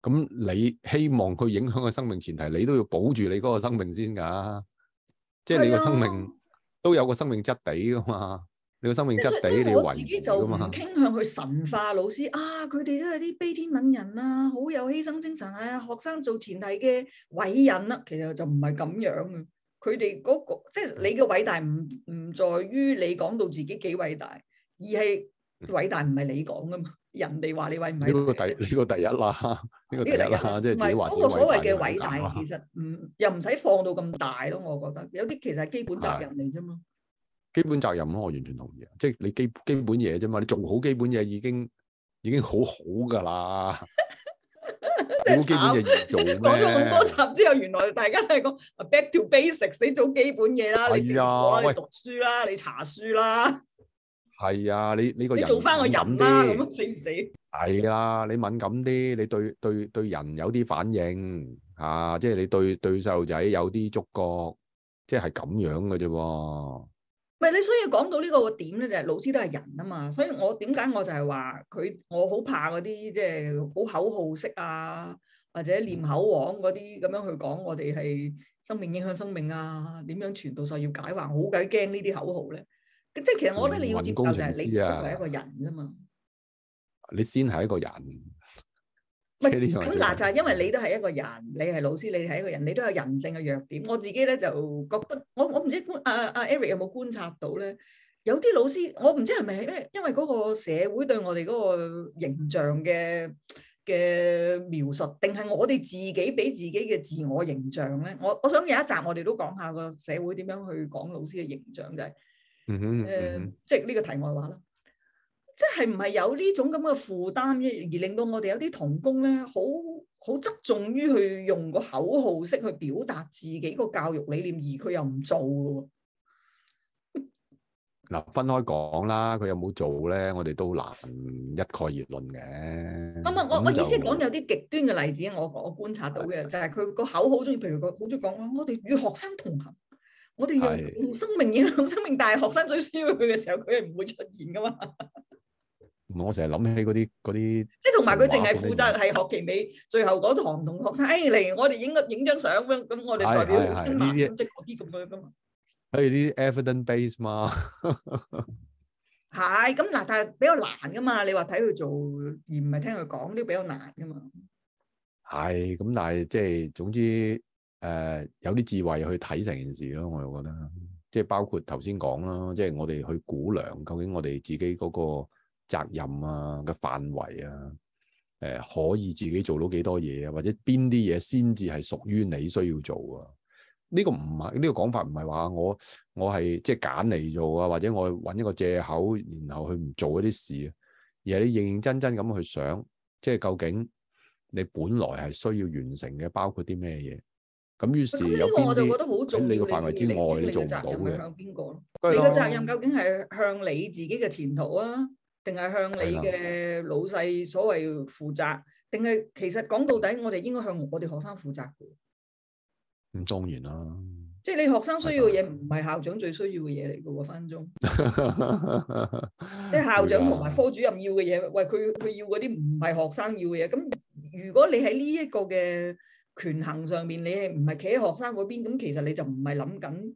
咁你希望佢影響個生命前提，你都要保住你嗰個生命先噶，即係你個生命、啊、都有個生命質地噶嘛，你個生命質地以你為自己做噶嘛。傾向去神化老師 啊，佢哋都係啲悲天憫人啊，好有犧牲精神啊，學生做前提嘅偉人啦、啊，其實就唔係咁樣嘅。佢哋嗰個即係你嘅偉大唔唔在於你講到自己幾偉大，而係偉大唔係你講噶嘛，人哋話你偉唔偉？呢個第呢、這個第一啦，呢、這個第一啦，個第一啦即係自己話自己偉大。嗰所謂嘅偉大其實唔、 嗯、又唔使放到咁大咯，我覺得有啲其實係基本責任嚟啫嘛。基本責任咯，我完全同意，即係、就是、你基本基本嘢啫嘛，你做好基本嘢已經已經好好噶啦。好基本嘢，講咗咁多集之後，原來大家都係講 back to basics，你做基本嘢啦，你做啦，你讀書啦，你查書啦，係啊，你你個人你做翻個人啦，咁死唔死？係啊，你敏感啲，你對對對人有啲反應啊，即係你對對細路仔有啲觸覺，即係係咁樣嘅啫。唔，你所以講到呢個點咧，就係、是、老師都係人啊嘛，所以我點解我就係話佢，我好怕嗰啲即係好口號式啊，或者念口簧嗰啲咁樣去講我哋係生命影響生命啊，點樣傳道授業解惑，好鬼驚呢啲口號咧。即係其實我覺得你要接受，就係你先係一個人啫嘛、啊，你先係一個人。咁嗱，就係因為你都係一個人，嗯、你係老師，你係一個人，你都有人性嘅弱點。我自己咧就覺得，我我唔知阿阿、啊啊、Eric 有冇觀察到咧？有啲老師，我唔知係咪因為嗰個社會對我哋嗰個形象嘅嘅描述，定係我哋自己俾自己嘅自我形象咧？我我想有一集我哋都講下個社會點樣去講老師嘅形象就係、是，誒、嗯哼嗯哼呃，即係呢個題外話啦。即係唔係有呢種咁嘅負擔，而令到我哋有啲同工咧，好好側重於去用個口號式去表達自己個教育理念，而佢又唔做嘅。嗱、 啊，分開講啦，佢有冇做咧，我哋都難一概而論嘅。唔唔、嗯，就我我意思係講有啲極端嘅例子，我我觀察到嘅的就係佢個口好中意，譬如佢好中意講話，我哋與學生同行，我哋用生命影響的 生命，但係學生最需要佢嘅時候，佢係唔會出現噶嘛。 我成日諗起嗰啲嗰啲，即係同埋佢淨係負責係學期尾最後嗰堂同學生，哎嚟我哋影個影張相咁，咁我哋代表親嘛，即係嗰啲咁樣噶嘛。譬如啲 evidence based 嘛，係咁嗱，但係比較難噶嘛。你話睇佢做，而唔係聽佢講，呢啲比較難噶嘛。係咁，但係即係總之，誒有啲智慧去睇成件事咯。我又覺得，即係包括頭先講啦，即係我哋去估量究竟我哋自己嗰個責任啊嘅範圍啊，誒、呃、可以自己做到幾多嘢啊，或者邊啲嘢先至係屬於你需要做啊？呢，這個唔係呢個講法，唔係話我我係即係揀你做啊，或者我揾一個借口然後去唔做嗰啲事啊。而係你認認真真咁去想，即係究竟你本來係需要完成嘅，包括啲咩嘢。咁於是有個我就覺得好重要，喺呢個範圍之外你做唔到嘅，你嘅責、啊、責任究竟係向你自己嘅前途啊？定係向你嘅老細所謂負責，定係其實講到底，我哋應該向我哋學生負責嘅。唔當然啦，即係你學生需要嘅嘢，唔係校長最需要嘅嘢嚟嘅喎，翻中。即係 校長同埋科主任要嘅嘢，喂，佢佢要嗰啲唔係學生要嘅嘢。咁如果你喺呢一個嘅權衡上面，你係唔係企喺學生嗰邊，咁其實你就唔係諗緊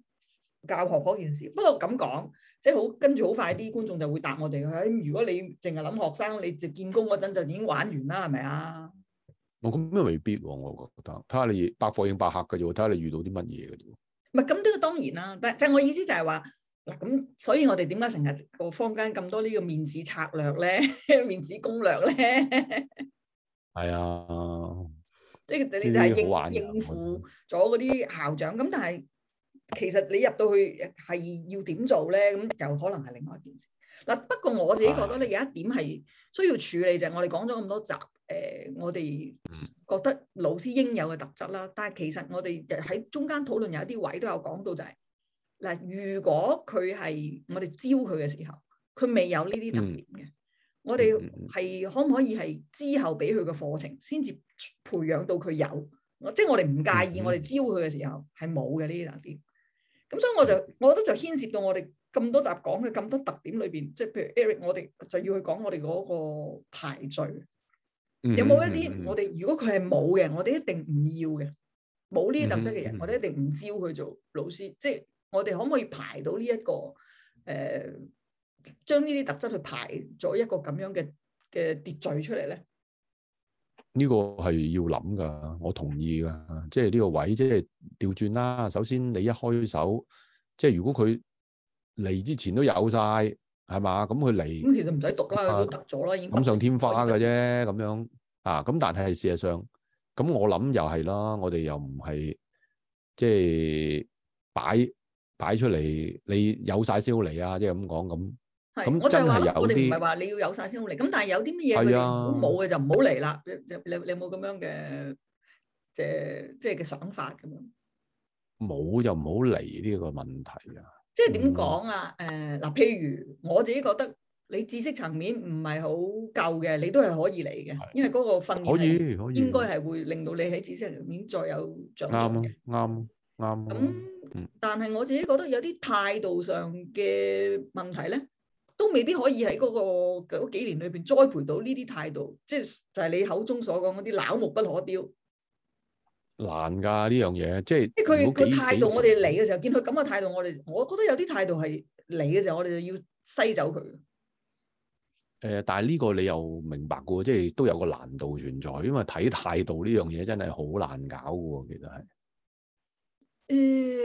教學嗰件事。不過咁講。即係好跟住好快啲觀眾就會答我哋、哎、如果你淨係諗學生，你就見工嗰陣就已經玩完啦，係咪啊？我咁咩未必喎、啊，我覺得睇下你百貨應百客嘅啫，睇下你遇到啲乜嘢嘅啫。唔係咁都個當然啦，但、但係我意思就係話，咁所以我哋點解成日個坊間咁多呢個面試策略咧、 面試攻略咧？係 啊，即係你就應、啊、應付咗嗰啲校長咁，但係。其實你入到去係要點做咧？咁就可能係另外一件事嗱、啊。不過我自己覺得咧，有一點係需要處理就係我哋講咗咁多集誒、呃，我哋覺得老師應有嘅特質啦。但係其實我哋喺中間討論有一啲位都有講到、就係，就係嗱，如果佢係我哋招佢嘅時候，佢未有呢啲特點嘅，嗯、我哋係可唔可以係之後俾佢嘅課程先至培養到佢有？嗯、即係我哋唔介意，我哋招佢嘅時候係冇嘅呢啲特點。咁所以我就，我覺得就牽涉到我哋咁多集講嘅咁多特點裏邊，即係譬如 Eric，我哋就要去講我哋嗰個排序，有冇一啲我哋如果佢係冇嘅，我哋一定唔要嘅，冇呢啲特質嘅人，我哋一定唔招佢做老師。即係我哋可唔可以排到呢、這、一個誒、呃，將呢啲特質去排咗一個咁樣嘅嘅秩序出嚟咧？呢個係要諗噶，我同意噶，即係呢個位即係調轉啦。首先你一開手，即係如果佢嚟之前都有晒，係嘛？咁佢嚟咁其實唔使讀啦，啊、都得咗啦，已經。錦上添花嘅啫，咁樣啊？咁但係係事實上，咁我諗又係啦，我哋又唔係即係擺擺出嚟，你有晒先嚟啊？即係咁講咁。係，我就係話咯，我哋唔係話你要有曬先好嚟。咁但係有啲乜嘢佢哋冇嘅就唔好嚟啦。你你你你冇咁樣嘅，即係即係嘅想法咁樣。冇就唔好嚟呢個問題啊！即係點講啊？誒嗱，譬如我自己覺得你知識層面唔係好夠嘅，你都係可以嚟嘅，因為嗰個訓練可以，應該係會令到你喺知識層面再有進步嘅。啱啊！啱啱。咁但係我自己覺得有啲態度上嘅問題咧。都未必可以喺嗰個嗰幾年裏邊栽培到呢啲態度，即係就係你口中所講嗰啲朽木不可雕。難噶呢樣嘢，即係佢個態度。我哋嚟嘅時候多見佢咁嘅態度我，我哋我覺得有啲態度係嚟嘅時候，我哋就要篩走佢。誒、呃，但係呢個你又明白嘅，即係都有個難度存在，因為睇態度呢樣嘢真係好難搞嘅喎，其實係。誒、嗯，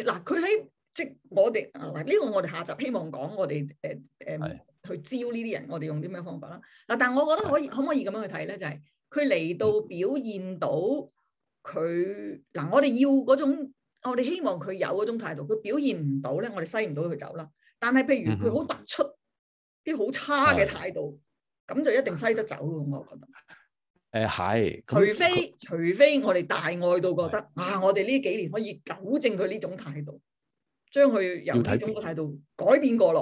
嗱，佢喺。即係我哋，嗱呢個我哋下集希望講我哋誒誒去招呢啲人，我哋用啲咩方法啦？嗱，但係我覺得可以可唔可以咁樣去睇咧？就係佢嚟到表現到佢嗱，我哋要嗰種，我哋希望佢有嗰種態度，佢表現唔到咧，我哋篩唔到佢走啦。但係譬如佢好突出啲好差嘅態度，咁就一定篩得走㗎！我覺得，誒係，除非除非我哋大愛到覺得啊，我哋呢幾年可以糾正佢呢種態度。將佢由嗰種嘅態度改變過來，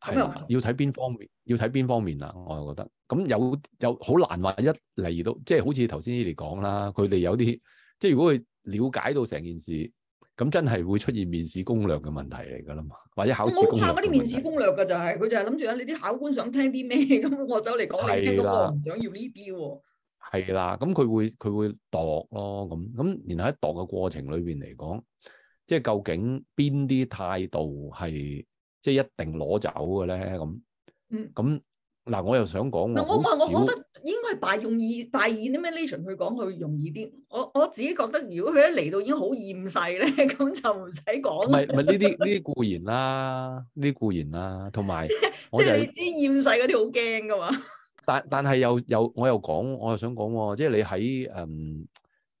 係要睇看邊方面，要睇邊方面啊！我又覺得咁有有好難話一嚟到，即係好似頭先你嚟講啦，佢哋有啲即係如果佢了解到成件事，咁真係會出現面試攻略嘅問題嚟㗎啦嘛，或者考試攻略。我怕嗰啲面試攻略㗎 就係佢就係諗住你啲考官想聽啲咩咁， 我走嚟講你聽嗰個，唔的想要呢啲喎。係啦，咁佢會佢會度咯，咁咁然後喺度嘅過程裏邊嚟講。即係究竟邊啲態度係即係一定攞走嘅咧？咁，嗯，咁嗱，我又想講，我好少得應該係大用意大以啲咩 lation 去講佢容易啲。我我自己覺得，如果佢一嚟到已經好厭世咧，咁 就唔使講啦。唔係呢啲呢啲固然啦、啊，呢啲固然啦、啊，同埋、就是、即係你啲厭世嗰啲好驚噶嘛。 但但係又又，又我又講我又想講，即係、就是、你喺嗯。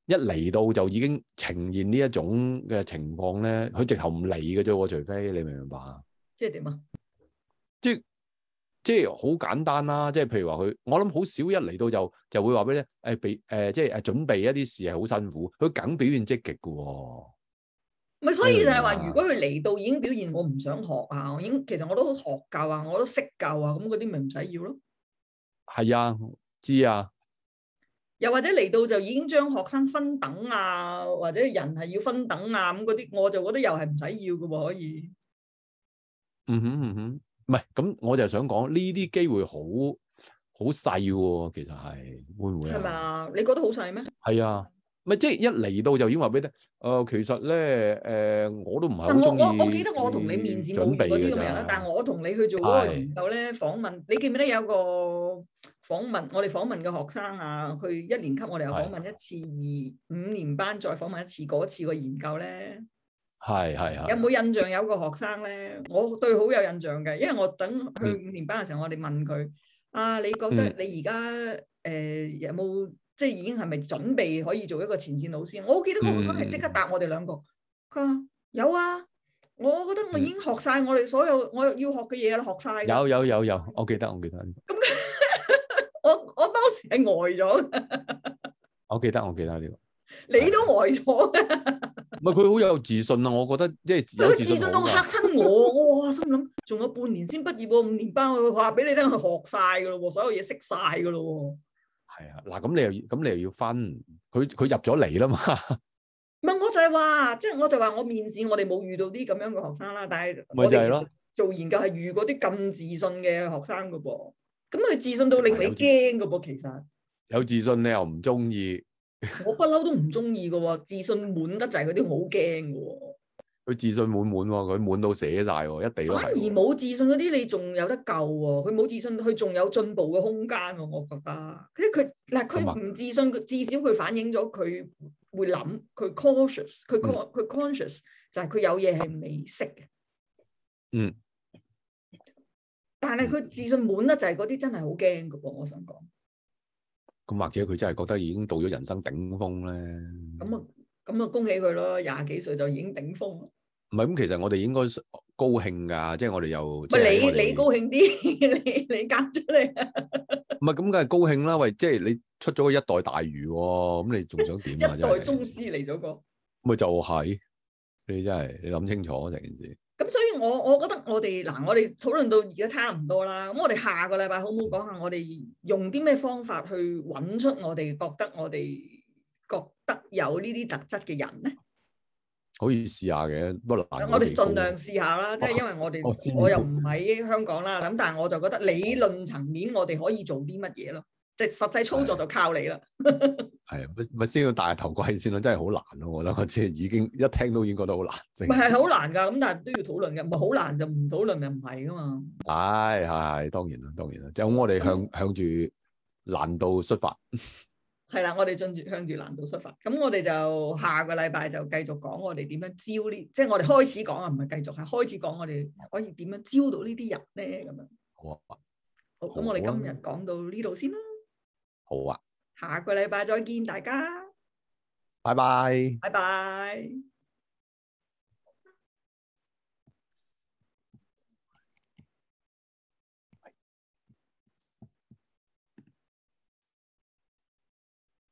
一嚟到就已經呈現呢一種嘅情況咧，佢直頭唔理嘅啫喎，除非你明唔明白即即？即係點啊？即係即係好簡單啦！即係譬如話佢，我諗好少一嚟到就就會話俾你聽，誒備即係誒準備一啲事係好辛苦，佢梗表現積極嘅喎、啊。唔係，所以就係話，如果佢嚟到已經表現，我唔想學啊，我已經其實我都學夠啊，我都識夠啊，咁嗰啲咪唔使要咯。係啊,啊，知啊。又或者嚟到就已經將學生分等啊，或者人係要分等啊咁嗰啲，我就覺得又係唔使要嘅喎，可以。嗯哼嗯哼，唔係咁，我就係想講呢啲機會好好細喎，其實係會唔會啊？係嘛？你覺得好細咩？係啊，咪。即係一嚟到就已經話俾你，誒、呃，其實咧，誒、呃，我都唔係好中意。我我我記得我同你面試冇準備嘅就啦，是但係我同你去做嗰個研究咧，訪的問你記唔記得有個？訪問我哋訪問嘅學生啊，佢一年級我哋又訪問一次，二是五年班再訪問一次，嗰次嘅研究咧，係係係。有冇印象有個學生咧？我對佢好有印象嘅，因為我等去五年班嘅時候我，我哋問佢：啊，你覺得你而家誒有冇即係已經係咪準備可以做一個前線老師？我記得個學生係即刻答我哋兩個，佢話、嗯、有啊，我覺得我已經學晒我哋所有我要學嘅嘢啦，學晒。有有有有，我記得我記得。咁。 我我當時係呆咗， 我記得，我記得呢、這個，你都呆咗，唔係佢好有自信啊！我覺得即係自信到吓親我，我 哇，心諗仲有半年先畢業，啊，五年班佢話俾你聽佢學晒噶咯，所有嘢識晒噶咯，係啊嗱，咁你又咁你又要分佢佢入咗嚟啦嘛，唔 係我就係話即係我就話我面試我哋冇遇到啲咁樣嘅學生啦，但係我哋做研究係遇過啲咁自信嘅學生噶噃。咁佢、嗯、自信到令你驚噶噃，其實有自信你又唔中意， 我不嬲都唔中意噶喎，自信滿得滯，嗰啲好驚噶喎。佢自信滿滿喎，佢滿到寫晒喎，一地。反而冇自信嗰啲，你仲有得救喎。佢冇自信，佢仲有進步嘅空間嘅，我覺得。佢嗱，佢唔自信，至少佢反映咗佢會諗，佢 cautious，佢 c 佢 cautious 就係佢有嘢係未識嘅。嗯。但係佢自信滿啦，就係嗰啲真係好驚噶噃，我想講。咁或者佢真係覺得已經到咗人生頂峰咧？咁啊，咁啊，恭喜佢咯！廿幾歲就已經頂峰。唔係咁，其實我哋應該高興噶，即係我哋又唔係你，你高興啲，你你夾出嚟。唔係咁，梗係高興啦！喂，即係你出咗個一代大魚，咁你仲想點啊？一代宗師嚟咗個。咪就係你真係你諗清楚，成件事。咁所以我，我我覺得我哋嗱，我哋討論到而家差唔多啦。咁我哋下個禮拜好唔好講下我哋用啲咩方法去揾出我哋覺得我哋覺得有呢啲特質嘅人咧？可以試下嘅，不過我哋盡量試下啦。即係因為我哋 我又唔喺香港啦。咁但係我就覺得理論層面，我哋可以做啲乜嘢咯。即係實際操作就靠你啦的。係啊， 咪先要戴頭盔先咯，真係好難咯、啊。我覺得即係已經一聽都已經覺得好難。唔係好難噶，咁但係都要討論嘅。咪好難就唔討論，咪唔係噶嘛。係係、哎哎，當然啦，當然啦。就咁我哋向、嗯、向住難度出發。係啦，我哋進住向住難度出發。咁我哋就下個禮拜就繼續講我哋點樣招呢啲？即係我哋開始講啊，唔係繼續係開始講我哋可以點樣招到呢啲人咧？咁樣好啊。好，咁我哋今日講到呢度先啦。好啊，下個禮拜再見大家，拜拜，拜拜。